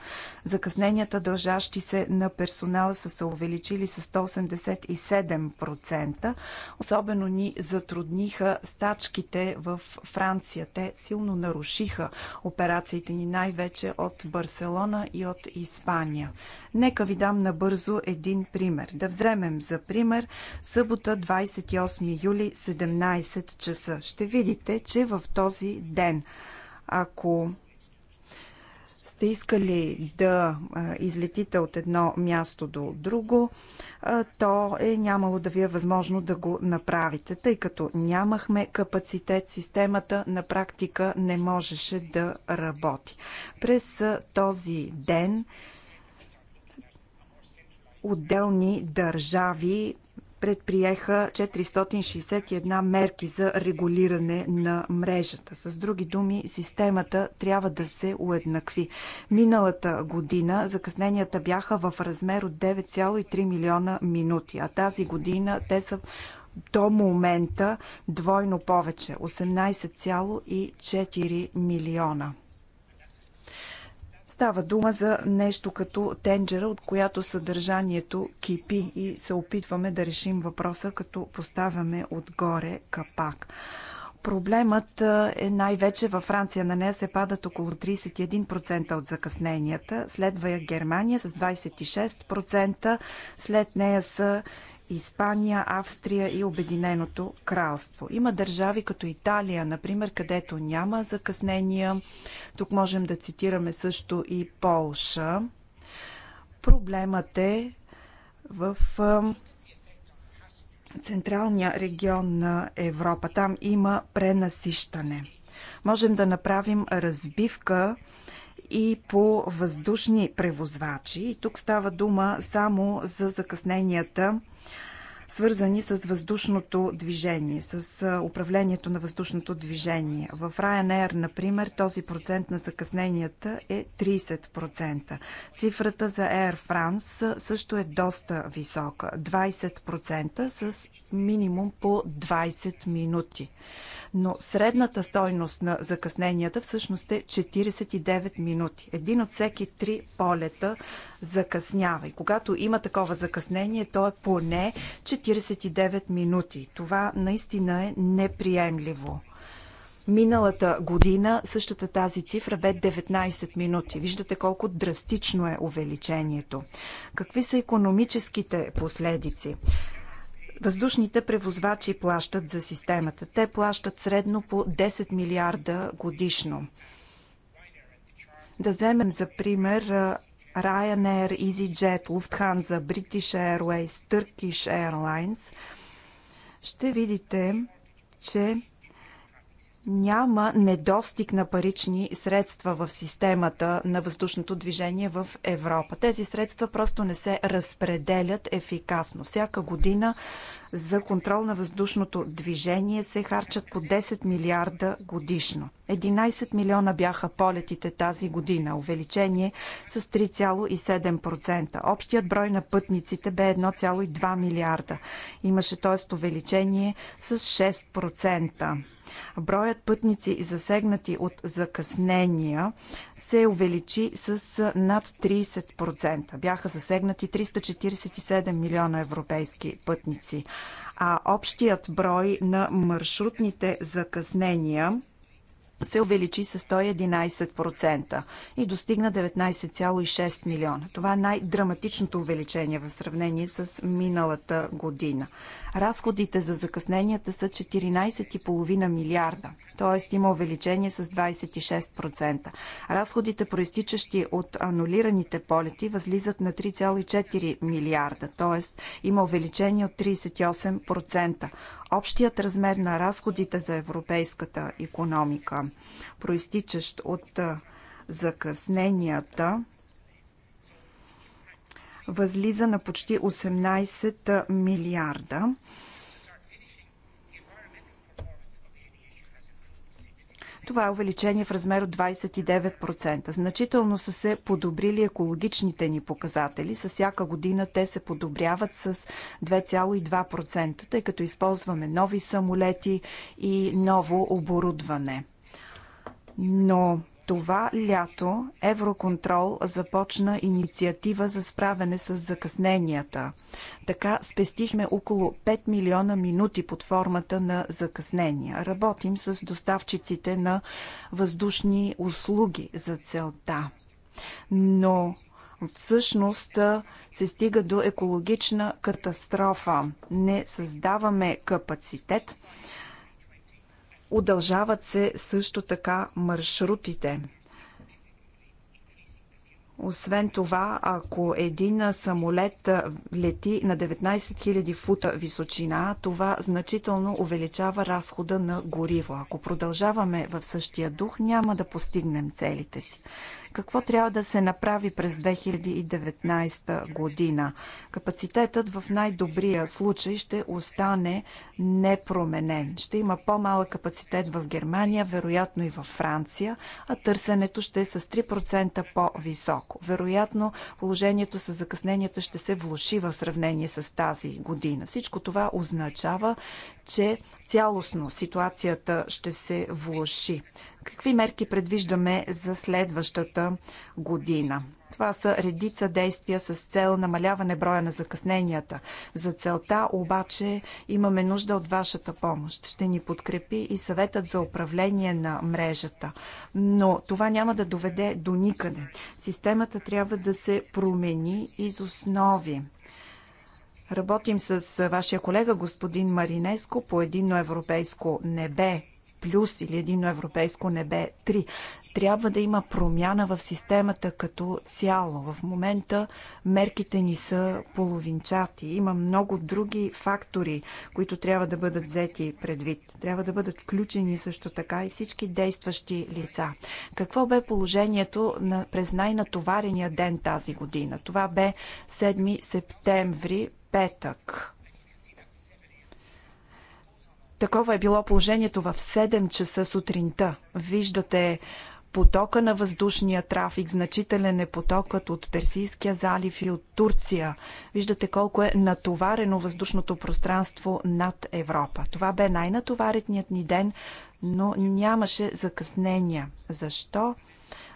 Закъсненията дължащи се на персонала са се увеличили с 187%. Особено ни затрудниха стачките в Франция. Те силно нарушиха операциите ни най-вече от Барселона и от Испания. Испания. Нека ви дам набързо един пример. Да вземем за пример събота 28 юли 17 часа. Ще видите, че в този ден, ако сте искали да излетите от едно място до друго, то е нямало да ви е възможно да го направите, тъй като нямахме капацитет, системата на практика не можеше да работи. През този ден отделни държави предприеха 461 мерки за регулиране на мрежата. С други думи, системата трябва да се уеднакви. Миналата година закъсненията бяха в размер от 9,3 милиона минути, а тази година те са до момента двойно повече 18,4 милиона. Става дума за нещо като тенджера, от която съдържанието кипи и се опитваме да решим въпроса, като поставяме отгоре капак. Проблемът е най-вече във Франция. На нея се падат около 31% от закъсненията. Следва я Германия с 26%. След нея са Испания, Австрия и Обединеното кралство. Има държави като Италия, например, където няма закъснения. Тук можем да цитираме също и Полша. Проблемът е в централния регион на Европа. Там има пренасищане. Можем да направим разбивка и по въздушни превозвачи. И тук става дума само за закъсненията свързани с въздушното движение, с управлението на въздушното движение. В Ryanair, например, този процент на закъсненията е 30%. Цифрата за Air France също е доста висока 20% с минимум по 20 минути но средната стойност на закъсненията всъщност е 49 минути. Един от всеки три полета закъснява. И когато има такова закъснение, то е поне 49 минути. Това наистина е неприемливо. Миналата година същата тази цифра бе 19 минути. Виждате колко драстично е увеличението. Какви са економическите последици? Въздушните превозвачи плащат за системата. Те плащат средно по 10 милиарда годишно. Да вземем за пример Ryanair, EasyJet, Lufthansa, British Airways, Turkish Airlines. Ще видите, че няма недостиг на парични средства в системата на въздушното движение в Европа. Тези средства просто не се разпределят ефикасно. Всяка година за контрол на въздушното движение се харчат по 10 милиарда годишно. 11 милиона бяха полетите тази година, увеличение с 3,7%. Общият брой на пътниците бе 1,2 милиарда. Имаше т.е. увеличение с 6%. Броят пътници, засегнати от закъснения, се увеличи с над 30%. Бяха засегнати 347 милиона европейски пътници. А общият брой на маршрутните закъснения се увеличи с 111% и достигна 19,6 милиона. Това е най-драматичното увеличение в сравнение с миналата година. Разходите за закъсненията са 14,5 милиарда, т.е. има увеличение с 26%. Разходите, проистичащи от анулираните полети, възлизат на 3,4 милиарда, т.е. има увеличение от 38% общият размер на разходите за европейската економика, проистичащ от закъсненията, възлиза на почти 18 милиарда. Това е увеличение в размер от 29%. Значително са се подобрили екологичните ни показатели. С всяка година те се подобряват с 2,2%, тъй като използваме нови самолети и ново оборудване. Но това лято Евроконтрол започна инициатива за справяне с закъсненията. Така спестихме около 5 милиона минути под формата на закъснения. Работим с доставчиците на въздушни услуги за целта. Но всъщност се стига до екологична катастрофа. Не създаваме капацитет, Удължават се също така маршрутите. Освен това, ако един самолет лети на 19 000 фута височина, това значително увеличава разхода на гориво. Ако продължаваме в същия дух, няма да постигнем целите си. Какво трябва да се направи през 2019 година? Капацитетът в най-добрия случай ще остане непроменен. Ще има по-малък капацитет в Германия, вероятно и във Франция, а търсенето ще е с 3% по-високо. Вероятно положението с закъсненията ще се влуши в сравнение с тази година. Всичко това означава, че цялостно ситуацията ще се влуши. Какви мерки предвиждаме за следващата година? Това са редица действия с цел намаляване броя на закъсненията. За целта обаче имаме нужда от вашата помощ. Ще ни подкрепи и съветът за управление на мрежата. Но това няма да доведе до никъде. Системата трябва да се промени из основи. Работим с вашия колега господин Маринеско по единно европейско небе плюс или едно европейско небе 3. Трябва да има промяна в системата като цяло. В момента мерките ни са половинчати. Има много други фактори, които трябва да бъдат взети предвид. Трябва да бъдат включени също така и всички действащи лица. Какво бе положението на, през най-натоварения ден тази година? Това бе 7 септември, петък Такова е било положението в 7 часа сутринта. Виждате потока на въздушния трафик, значителен е потокът от Персийския залив и от Турция. Виждате колко е натоварено въздушното пространство над Европа. Това бе най натоваретният ни ден, но нямаше закъснения. Защо?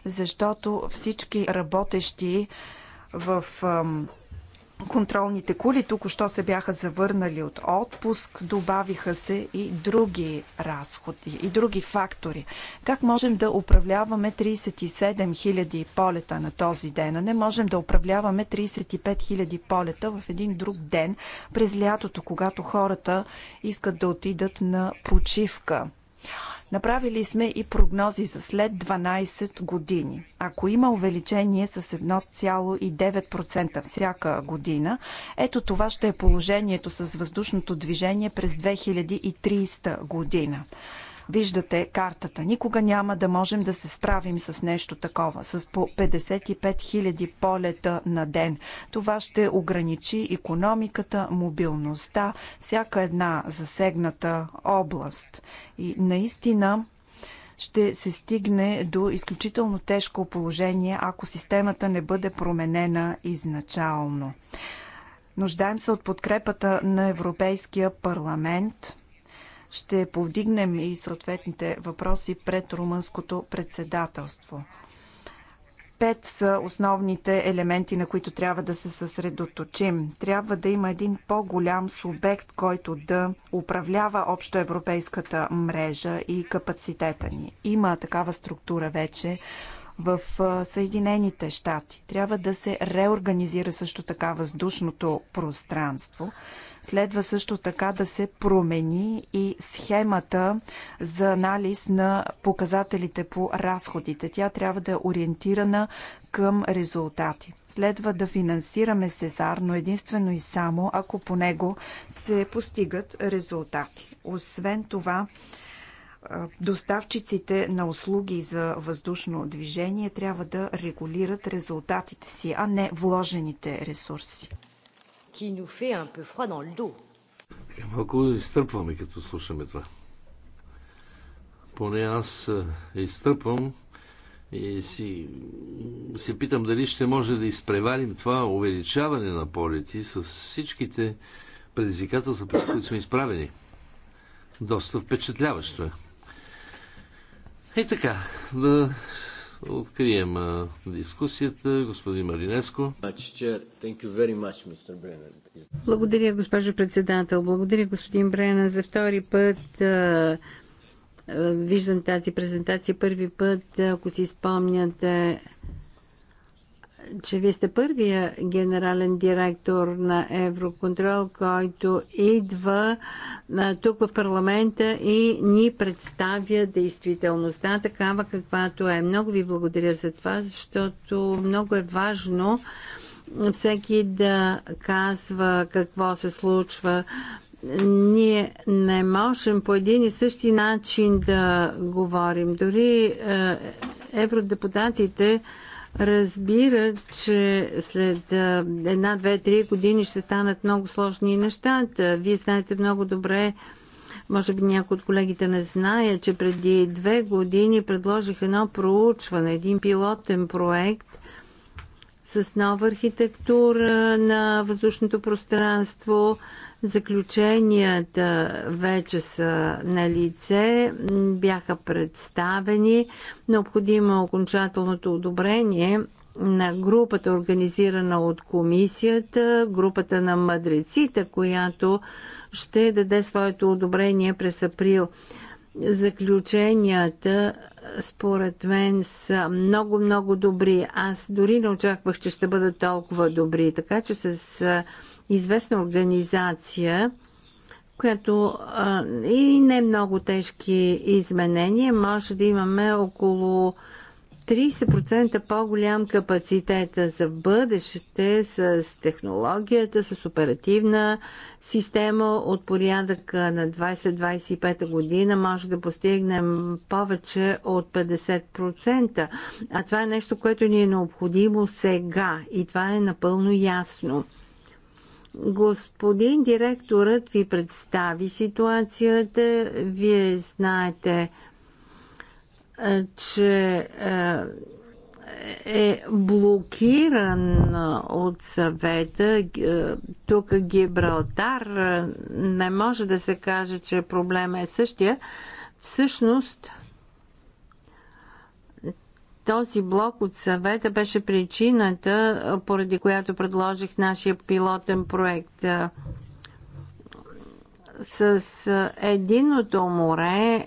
Защото всички работещи в контролните кули току-що се бяха завърнали от отпуск, добавиха се и други разходи, и други фактори. Как можем да управляваме 37 000 полета на този ден, а не можем да управляваме 35 000 полета в един друг ден през лятото, когато хората искат да отидат на почивка? Направили сме и прогнози за след 12 години. Ако има увеличение с 1,9% всяка година, ето това ще е положението с въздушното движение през 2030 година. Виждате картата. Никога няма да можем да се справим с нещо такова, с по 55 000 полета на ден. Това ще ограничи економиката, мобилността, всяка една засегната област. И наистина ще се стигне до изключително тежко положение, ако системата не бъде променена изначално. Нуждаем се от подкрепата на Европейския парламент – ще повдигнем и съответните въпроси пред румънското председателство. Пет са основните елементи, на които трябва да се съсредоточим. Трябва да има един по-голям субект, който да управлява общоевропейската мрежа и капацитета ни. Има такава структура вече в Съединените щати. Трябва да се реорганизира също така въздушното пространство Следва също така да се промени и схемата за анализ на показателите по разходите. Тя трябва да е ориентирана към резултати. Следва да финансираме Сезар, но единствено и само ако по него се постигат резултати. Освен това, доставчиците на услуги за въздушно движение трябва да регулират резултатите си, а не вложените ресурси qui nous fait un peu froid dans le dos. Така, малко изтърпваме, като слушаме това. Поне аз е, изтърпвам и си, се питам дали ще може да изпреварим това увеличаване на полети с всичките предизвикателства, през които сме изправени. Доста впечатляващо е. И така, да Открием дискусията. Господин Маринеско. Благодаря, госпожо председател. Благодаря, господин Брена. За втори път виждам тази презентация. Първи път, ако си спомняте, че вие сте първия генерален директор на Евроконтрол, който идва тук в парламента и ни представя действителността такава каквато е. Много ви благодаря за това, защото много е важно всеки да казва какво се случва ние не можем по един и същи начин да говорим. Дори евродепутатите разбира, че след една, две, три години ще станат много сложни нещата. Вие знаете много добре, може би някои от колегите не знаят, че преди две години предложих едно проучване, един пилотен проект с нова архитектура на въздушното пространство – Заключенията вече са на лице, бяха представени. Необходимо е окончателното одобрение на групата, организирана от комисията, групата на мъдреците, която ще даде своето одобрение през април. Заключенията, според мен, са много-много добри. Аз дори не очаквах, че ще бъдат толкова добри. Така че с известна организация, която а, и не много тежки изменения, може да имаме около 30% по-голям капацитет за бъдещето с технологията, с оперативна система от порядъка на 20-25 година може да постигнем повече от 50%. А това е нещо, което ни е необходимо сега и това е напълно ясно. Господин директорът ви представи ситуацията. Вие знаете, че е блокиран от съвета. Тук Гибралтар не може да се каже, че проблема е същия. Всъщност, този блок от съвета беше причината, поради която предложих нашия пилотен проект с единото море,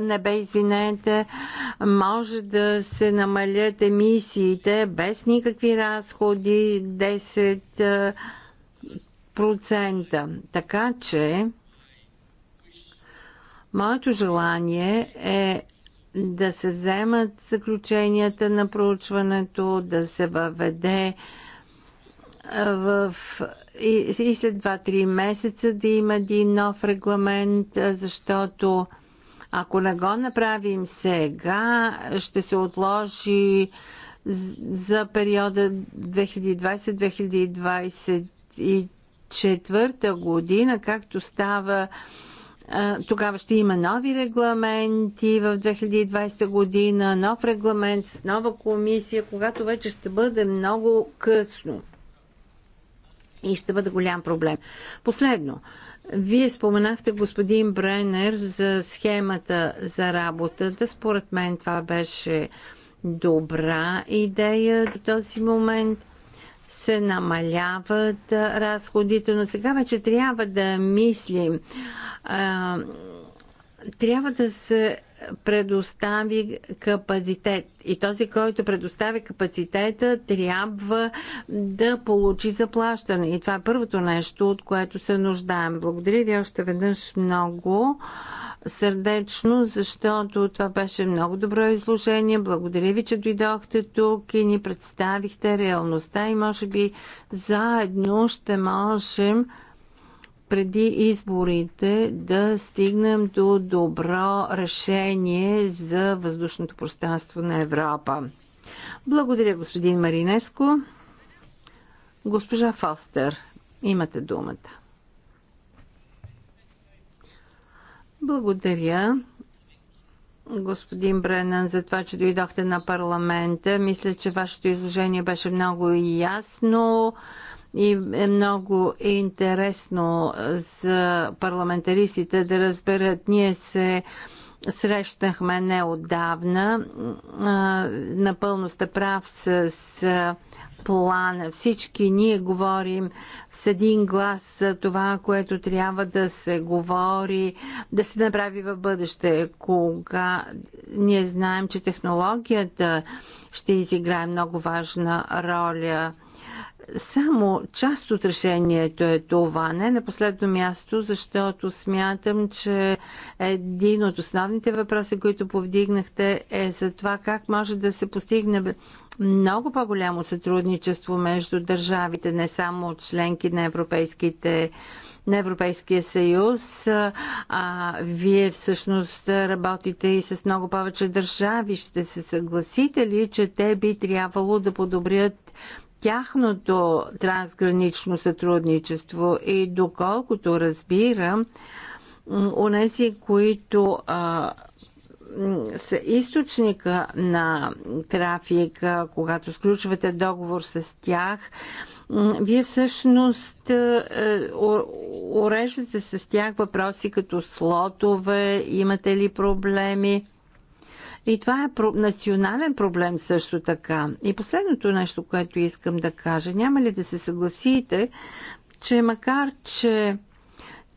небе, извинете, може да се намалят емисиите без никакви разходи 10%. Така че, моето желание е да се вземат заключенията на проучването, да се въведе в и, след 2-3 месеца да има един нов регламент, защото ако не го направим сега, ще се отложи за периода 2020-2024 година, както става тогава ще има нови регламенти в 2020 година, нов регламент с нова комисия, когато вече ще бъде много късно. И ще бъде голям проблем. Последно. Вие споменахте, господин Бренер, за схемата за работата. Според мен това беше добра идея до този момент се намаляват разходите, но сега вече трябва да мислим. Трябва да се предостави капацитет. И този, който предостави капацитета, трябва да получи заплащане. И това е първото нещо, от което се нуждаем. Благодаря ви още веднъж много сърдечно, защото това беше много добро изложение. Благодаря ви, че дойдохте тук и ни представихте реалността и може би заедно ще можем преди изборите да стигнем до добро решение за въздушното пространство на Европа. Благодаря, господин Маринеско. Госпожа Фостер, имате думата. Благодаря, господин Бренан, за това, че дойдохте на парламента. Мисля, че вашето изложение беше много ясно и е много интересно за парламентаристите да разберат. Ние се срещнахме неодавна. Напълно сте прав с плана. Всички ние говорим с един глас за това, което трябва да се говори, да се направи в бъдеще. Кога ние знаем, че технологията ще изиграе много важна роля само част от решението е това. Не на последно място, защото смятам, че един от основните въпроси, които повдигнахте е за това как може да се постигне много по-голямо сътрудничество между държавите, не само от членки на европейските на Европейския съюз. А, вие всъщност работите и с много повече държави. Ще се съгласите ли, че те би трябвало да подобрят тяхното трансгранично сътрудничество и доколкото разбирам, унеси, които а, са източника на трафика, когато сключвате договор с тях, вие всъщност уреждате с тях въпроси като слотове, имате ли проблеми? И това е национален проблем също така. И последното нещо, което искам да кажа, няма ли да се съгласите, че макар, че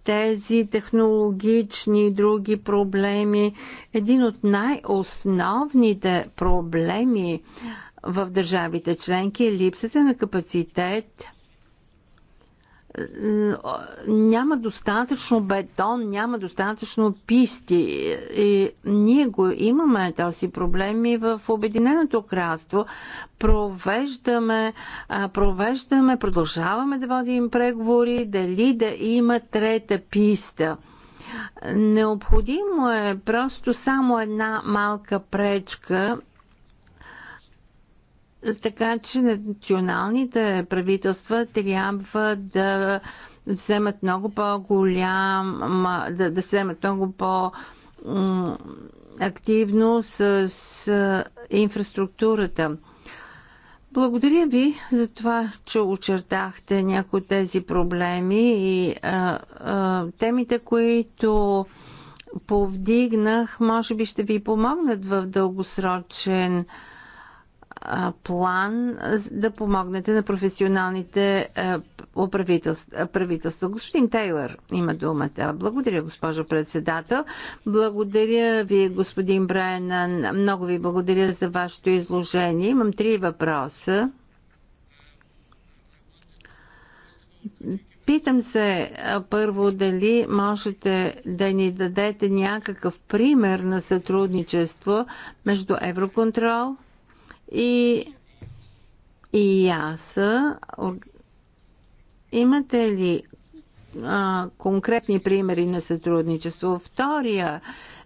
тези технологични и други проблеми, един от най-основните проблеми в държавите членки е липсата на капацитет няма достатъчно бетон, няма достатъчно писти. И ние го имаме този проблем и в Обединеното кралство. Провеждаме, провеждаме, продължаваме да водим преговори дали да има трета писта. Необходимо е просто само една малка пречка така че националните правителства трябва да вземат много по-голям, да, да вземат много по- активно с, с инфраструктурата. Благодаря ви за това, че очертахте някои от тези проблеми и а, а, темите, които повдигнах, може би ще ви помогнат в дългосрочен а, план да помогнете на професионалните правителства. Господин Тейлър има думата. Благодаря, госпожо председател. Благодаря ви, господин Брайанан. Много ви благодаря за вашето изложение. Имам три въпроса. Питам се първо дали можете да ни дадете някакъв пример на сътрудничество между Евроконтрол – и аз Имате ли а, конкретни примери на сътрудничество? Втория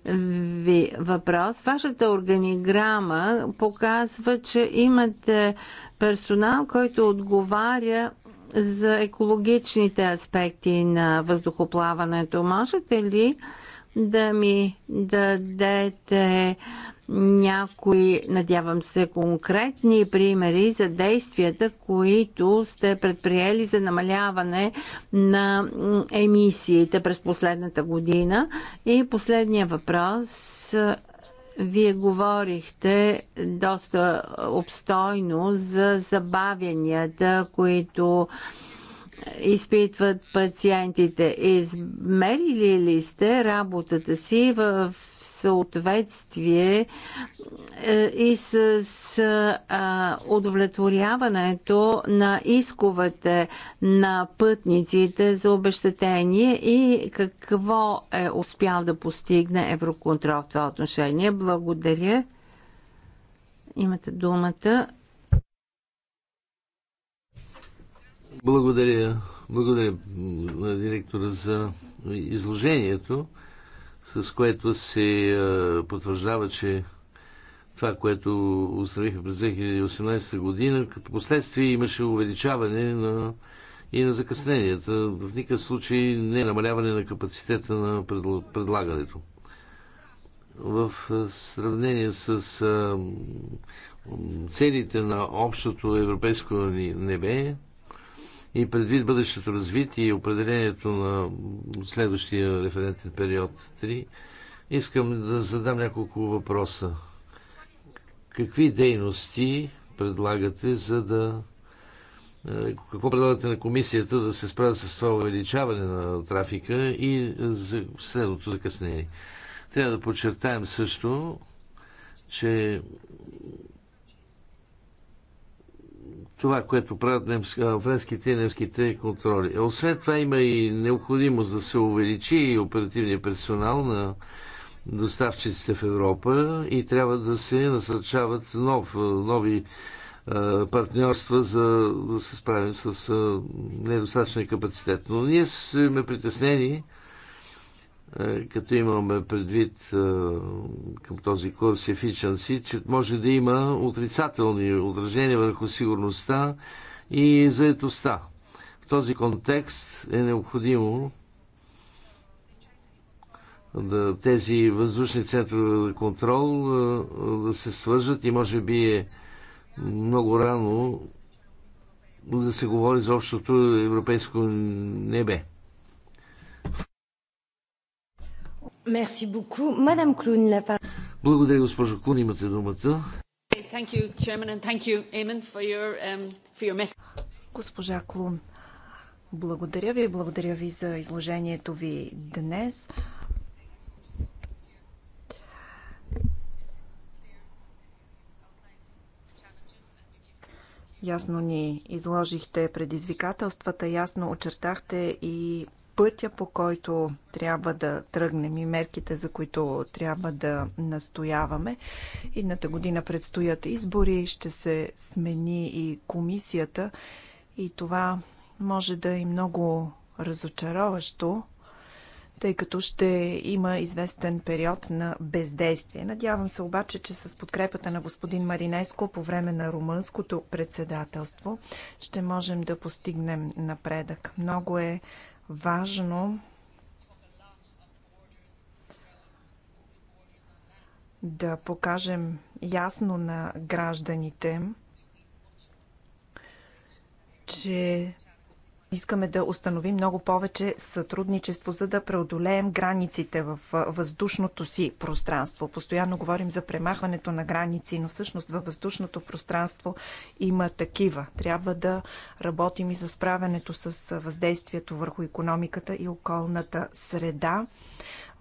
ви въпрос. Вашата органиграма показва, че имате персонал, който отговаря за екологичните аспекти на въздухоплаването. Можете ли да ми дадете някои, надявам се, конкретни примери за действията, които сте предприели за намаляване на емисиите през последната година. И последния въпрос. Вие говорихте доста обстойно за забавянията, които изпитват пациентите. Измерили ли сте работата си в съответствие е, и с удовлетворяването на исковете на пътниците за обещетение и какво е успял да постигне Евроконтрол в това отношение? Благодаря. Имате думата. Благодаря, благодаря на директора за изложението, с което се потвърждава, че това, което установиха през 2018 година, като последствие имаше увеличаване на и на закъсненията. В никакъв случай не е намаляване на капацитета на предлагането. В сравнение с целите на общото европейско небе, и предвид бъдещето развитие и определението на следващия референтен период 3, искам да задам няколко въпроса. Какви дейности предлагате, за да е, какво предлагате на комисията да се справя с това увеличаване на трафика и за следното закъснение. Трябва да подчертаем също, че това, което правят немска, френските и немските контроли. Освен това има и необходимост да се увеличи и оперативния персонал на доставчиците в Европа и трябва да се насърчават нов, нови партньорства, за да се справим с недостатъчния капацитет. Но ние сме притеснени е, като имаме предвид е, към този курс efficiency, че може да има отрицателни отражения върху сигурността и заетостта. В този контекст е необходимо да тези въздушни центрове за контрол е, да се свържат и може би е много рано да се говори за общото европейско небе. Merci beaucoup. Madame Клун, la parole. Благодаря, госпожо Клун, имате думата. You, Chairman, you, Eamon, your, um, госпожа Клун, благодаря ви, благодаря ви за изложението ви днес. Ясно ни изложихте предизвикателствата, ясно очертахте и пътя, по който трябва да тръгнем и мерките, за които трябва да настояваме. Едната година предстоят избори, ще се смени и комисията и това може да е много разочароващо, тъй като ще има известен период на бездействие. Надявам се обаче, че с подкрепата на господин Маринеско по време на румънското председателство ще можем да постигнем напредък. Много е важно да покажем ясно на гражданите, че Искаме да установим много повече сътрудничество, за да преодолеем границите в въздушното си пространство. Постоянно говорим за премахването на граници, но всъщност във въздушното пространство има такива. Трябва да работим и за справянето с въздействието върху економиката и околната среда.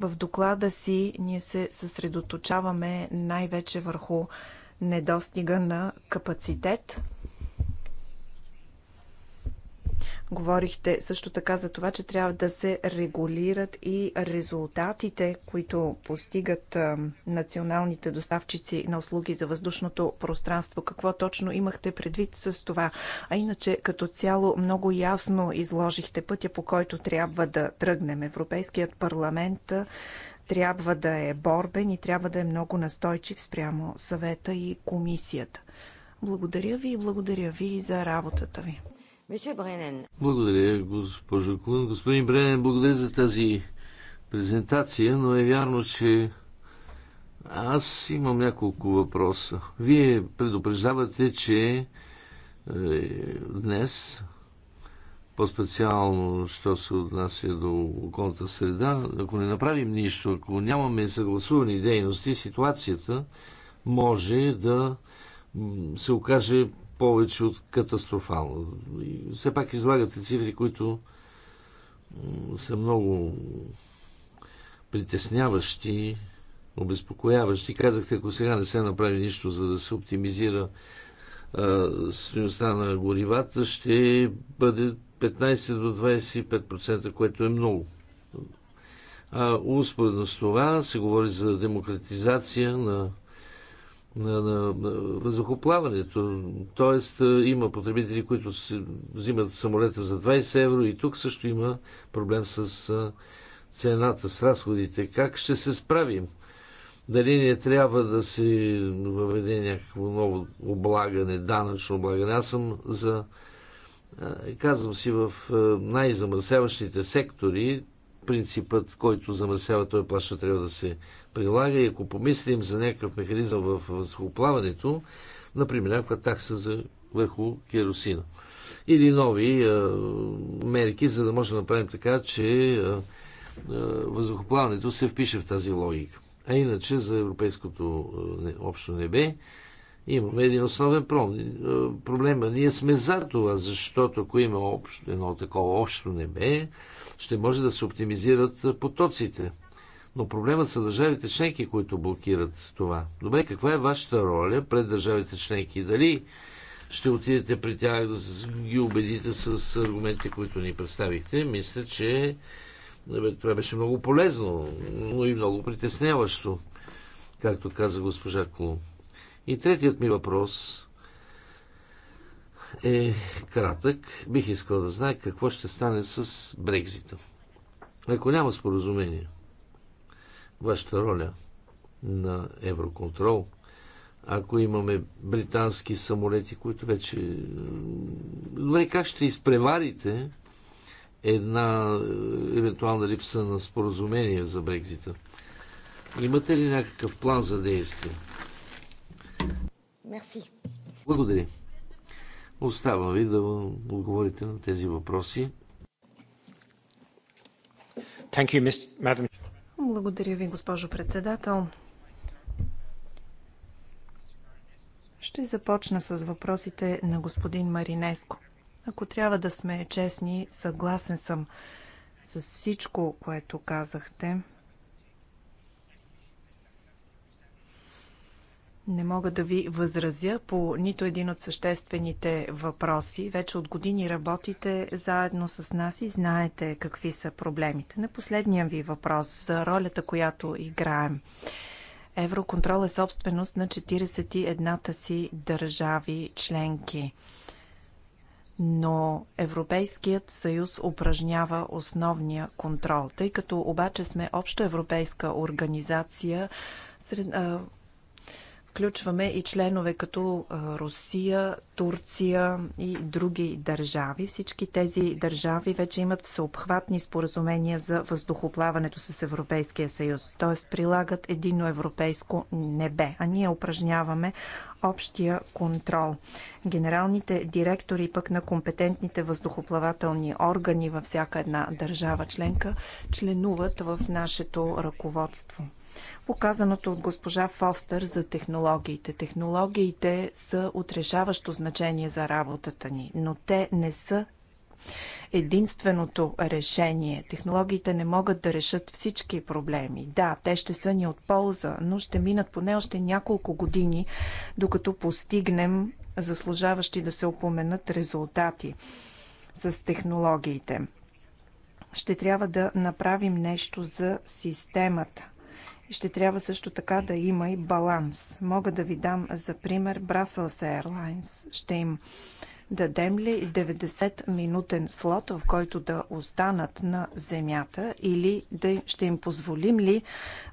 В доклада си ние се съсредоточаваме най-вече върху недостига на капацитет – Говорихте също така за това, че трябва да се регулират и резултатите, които постигат националните доставчици на услуги за въздушното пространство. Какво точно имахте предвид с това? А иначе, като цяло, много ясно изложихте пътя, по който трябва да тръгнем. Европейският парламент трябва да е борбен и трябва да е много настойчив спрямо съвета и комисията. Благодаря ви и благодаря ви за работата ви. Благодаря, госпожо Клун. Господин Бренен, благодаря за тази презентация, но е вярно, че аз имам няколко въпроса. Вие предупреждавате, че е, днес, по-специално, що се отнася до околната среда, ако не направим нищо, ако нямаме съгласувани дейности, ситуацията може да се окаже повече от катастрофално. И все пак излагате цифри, които са много притесняващи, обезпокояващи. Казахте, ако сега не се направи нищо, за да се оптимизира стоеността на горивата, ще бъде 15 до 25%, което е много. А, успоредно с това се говори за демократизация на на, на въздухоплаването. Тоест е, има потребители, които си, взимат самолета за 20 евро и тук също има проблем с е, цената, с разходите. Как ще се справим? Дали не трябва да се въведе някакво ново облагане, данъчно облагане? Аз съм за, е, казвам си, в най-замърсяващите сектори принципът, който замърсява, той плаща, трябва да се прилага. И ако помислим за някакъв механизъм в въздухоплаването, например, някаква такса за върху керосина. Или нови а, мерки, за да може да направим така, че а, а, въздухоплаването се впише в тази логика. А иначе за европейското а, не, общо небе, Имаме един основен е, проблем. Ние сме за това, защото ако има общо, едно такова общо небе, ще може да се оптимизират потоците. Но проблемът са държавите членки, които блокират това. Добре, каква е вашата роля пред държавите членки? Дали ще отидете при тях да ги убедите с аргументите, които ни представихте? Мисля, че е, това беше много полезно, но и много притесняващо, както каза госпожа Клум. И третият ми въпрос е кратък. Бих искал да знае какво ще стане с Брекзита. Ако няма споразумение, вашата роля на Евроконтрол, ако имаме британски самолети, които вече... Добре, как ще изпреварите една е, евентуална липса на споразумение за Брекзита? Имате ли някакъв план за действие? Мерси. Благодаря. Остава ви да отговорите на тези въпроси. Благодаря ви, госпожо председател. Ще започна с въпросите на господин Маринеско. Ако трябва да сме честни, съгласен съм с всичко, което казахте. Не мога да ви възразя по нито един от съществените въпроси. Вече от години работите заедно с нас и знаете какви са проблемите. На последния ви въпрос за ролята, която играем. Евроконтрол е собственост на 41-та си държави членки. Но Европейският съюз упражнява основния контрол. Тъй като обаче сме обща европейска организация, сред, а, включваме и членове като Русия, Турция и други държави. Всички тези държави вече имат всеобхватни споразумения за въздухоплаването с Европейския съюз, т.е. прилагат единно европейско небе, а ние упражняваме общия контрол. Генералните директори пък на компетентните въздухоплавателни органи във всяка една държава членка членуват в нашето ръководство показаното от госпожа Фостър за технологиите. Технологиите са отрешаващо значение за работата ни, но те не са единственото решение. Технологиите не могат да решат всички проблеми. Да, те ще са ни от полза, но ще минат поне още няколко години, докато постигнем заслужаващи да се опоменат резултати с технологиите. Ще трябва да направим нещо за системата ще трябва също така да има и баланс. Мога да ви дам за пример Brussels Airlines. Ще им дадем ли 90-минутен слот, в който да останат на земята или да, ще им позволим ли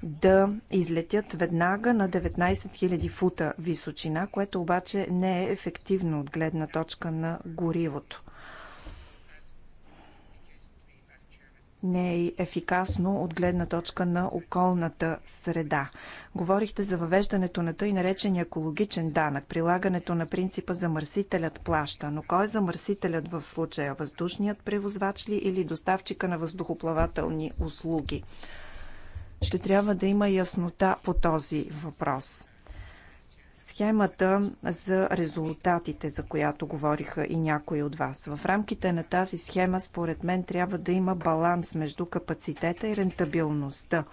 да излетят веднага на 19 000 фута височина, което обаче не е ефективно от гледна точка на горивото. не е ефикасно от гледна точка на околната среда. Говорихте за въвеждането на тъй наречения екологичен данък, прилагането на принципа замърсителят плаща. Но кой е замърсителят в случая? Въздушният превозвач ли или доставчика на въздухоплавателни услуги? Ще трябва да има яснота по този въпрос. Схемата за резултатите, за която говориха и някои от вас. В рамките на тази схема, според мен, трябва да има баланс между капацитета и рентабилността.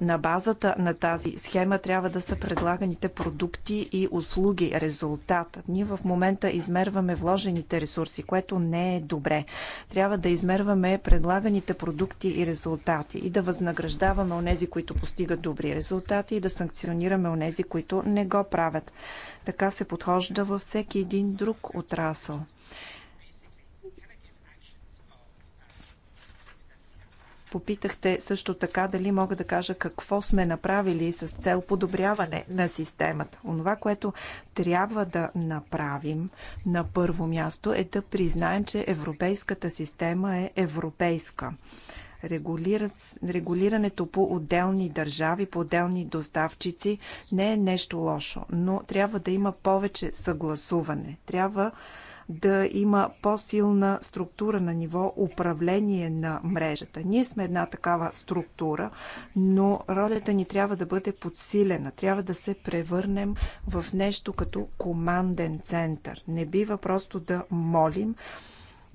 На базата на тази схема трябва да са предлаганите продукти и услуги, резултат. Ние в момента измерваме вложените ресурси, което не е добре. Трябва да измерваме предлаганите продукти и резултати и да възнаграждаваме онези, които постигат добри резултати и да санкционираме онези, които не го правят. Така се подхожда във всеки един друг отрасъл. Попитахте също така дали мога да кажа какво сме направили с цел подобряване на системата. Онова, което трябва да направим на първо място е да признаем, че европейската система е европейска. Регулират, регулирането по отделни държави, по отделни доставчици не е нещо лошо, но трябва да има повече съгласуване. Трябва да има по-силна структура на ниво управление на мрежата. Ние сме една такава структура, но ролята ни трябва да бъде подсилена. Трябва да се превърнем в нещо като команден център. Не бива просто да молим,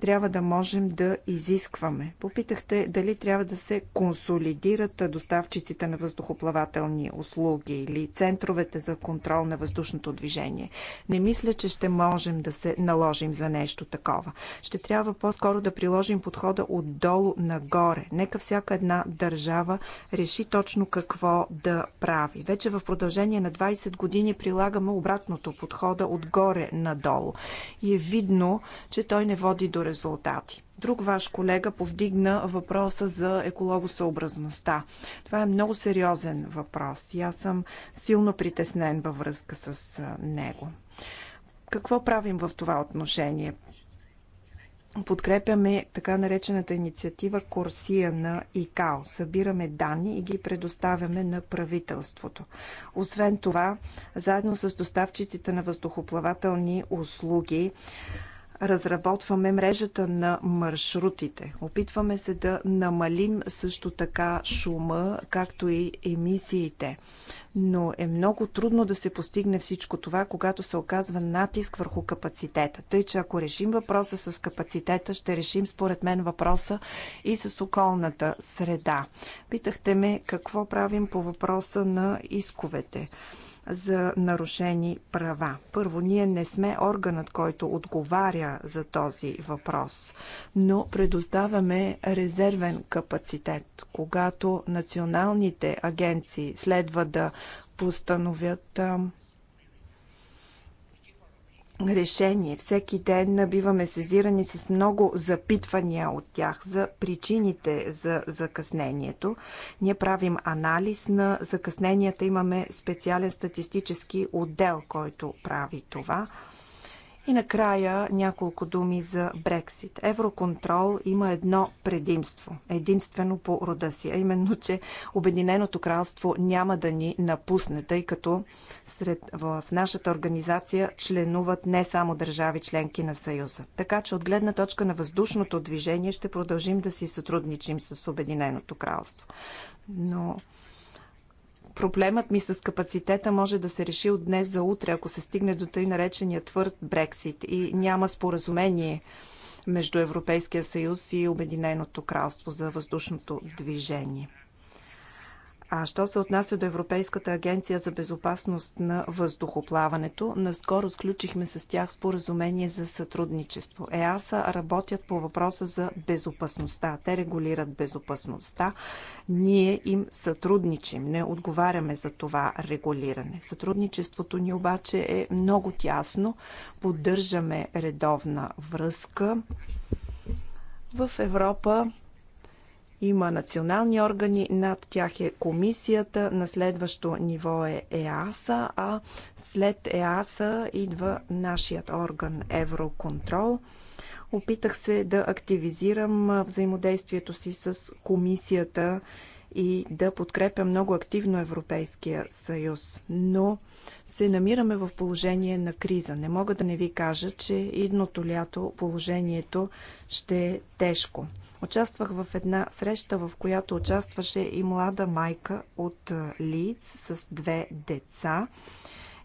трябва да можем да изискваме. Попитахте дали трябва да се консолидират доставчиците на въздухоплавателни услуги или центровете за контрол на въздушното движение. Не мисля, че ще можем да се наложим за нещо такова. Ще трябва по-скоро да приложим подхода отдолу нагоре. Нека всяка една държава реши точно какво да прави. Вече в продължение на 20 години прилагаме обратното подхода отгоре надолу. И е видно, че той не води до резултати. Друг ваш колега повдигна въпроса за екологосъобразността. Това е много сериозен въпрос и аз съм силно притеснен във връзка с него. Какво правим в това отношение? подкрепяме така наречената инициатива Корсия на ИКАО. Събираме данни и ги предоставяме на правителството. Освен това, заедно с доставчиците на въздухоплавателни услуги, разработваме мрежата на маршрутите. Опитваме се да намалим също така шума, както и емисиите. Но е много трудно да се постигне всичко това, когато се оказва натиск върху капацитета. Тъй, че ако решим въпроса с капацитета, ще решим според мен въпроса и с околната среда. Питахте ме какво правим по въпроса на исковете за нарушени права. Първо, ние не сме органът, който отговаря за този въпрос, но предоставяме резервен капацитет, когато националните агенции следва да постановят решение. Всеки ден биваме сезирани с много запитвания от тях за причините за закъснението. Ние правим анализ на закъсненията. Имаме специален статистически отдел, който прави това. И накрая няколко думи за Брексит. Евроконтрол има едно предимство, единствено по рода си, а именно, че Обединеното кралство няма да ни напусне, тъй като сред, в нашата организация членуват не само държави членки на Съюза. Така че от гледна точка на въздушното движение ще продължим да си сътрудничим с Обединеното кралство. Но проблемът ми с капацитета може да се реши от днес за утре, ако се стигне до тъй наречения твърд Брексит и няма споразумение между Европейския съюз и Обединеното кралство за въздушното движение. А що се отнася до Европейската агенция за безопасност на въздухоплаването, наскоро сключихме с тях споразумение за сътрудничество. ЕАСА работят по въпроса за безопасността. Те регулират безопасността. Ние им сътрудничим. Не отговаряме за това регулиране. Сътрудничеството ни обаче е много тясно. Поддържаме редовна връзка. В Европа има национални органи, над тях е комисията, на следващо ниво е ЕАСА, а след ЕАСА идва нашият орган Евроконтрол. Опитах се да активизирам взаимодействието си с комисията и да подкрепя много активно Европейския съюз. Но се намираме в положение на криза. Не мога да не ви кажа, че идното лято положението ще е тежко. Участвах в една среща, в която участваше и млада майка от Лиц с две деца.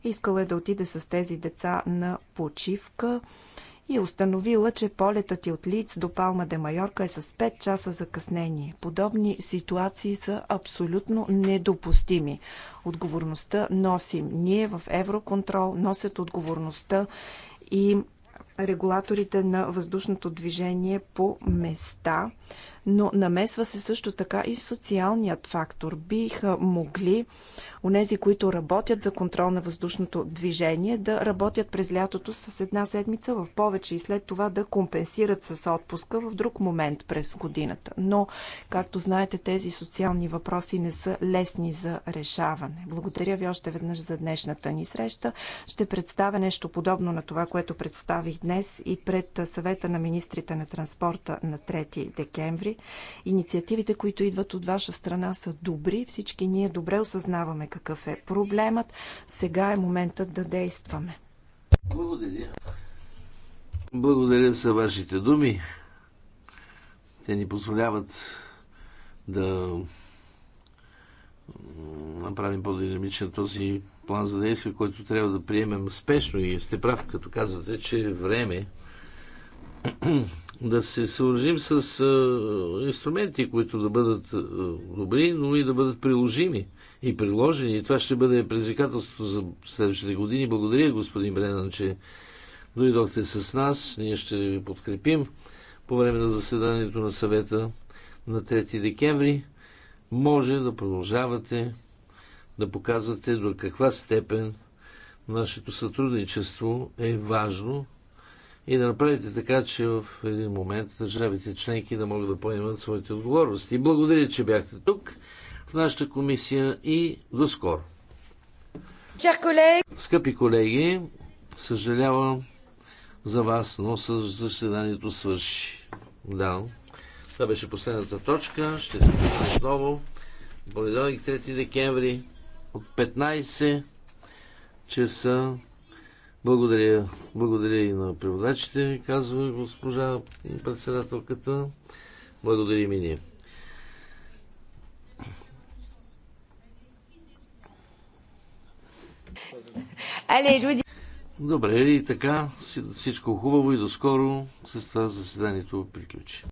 Искала е да отиде с тези деца на почивка и установила, че полетът и от Лиц до Палма де Майорка е с 5 часа закъснение. Подобни ситуации са абсолютно недопустими. Отговорността носим. Ние в Евроконтрол носят отговорността и регулаторите на въздушното движение по места но намесва се също така и социалният фактор. Биха могли онези, които работят за контрол на въздушното движение, да работят през лятото с една седмица в повече и след това да компенсират с отпуска в друг момент през годината. Но, както знаете, тези социални въпроси не са лесни за решаване. Благодаря ви още веднъж за днешната ни среща. Ще представя нещо подобно на това, което представих днес и пред съвета на министрите на транспорта на 3 декември Инициативите, които идват от ваша страна, са добри. Всички ние добре осъзнаваме какъв е проблемът. Сега е моментът да действаме. Благодаря. Благодаря за вашите думи. Те ни позволяват да направим по-динамичен този план за действие, който трябва да приемем спешно и сте прав, като казвате, че е време да се съоръжим с инструменти, които да бъдат добри, но и да бъдат приложими и приложени. И това ще бъде предизвикателството за следващите години. Благодаря, господин Бренан, че дойдохте с нас. Ние ще ви подкрепим по време на заседанието на съвета на 3 декември. Може да продължавате да показвате до каква степен нашето сътрудничество е важно и да направите така, че в един момент държавите членки да могат да поемат своите отговорности. Благодаря, че бяхте тук в нашата комисия и до скоро. Скъпи колеги, съжалявам за вас, но заседанието свърши. Да. Това беше последната точка. Ще се видим отново. Понеделник 3 декември от 15 часа благодаря, благодаря и на преводачите, казва госпожа председателката. Благодаря и ние. Добре, и така всичко хубаво и доскоро с това заседанието приключи.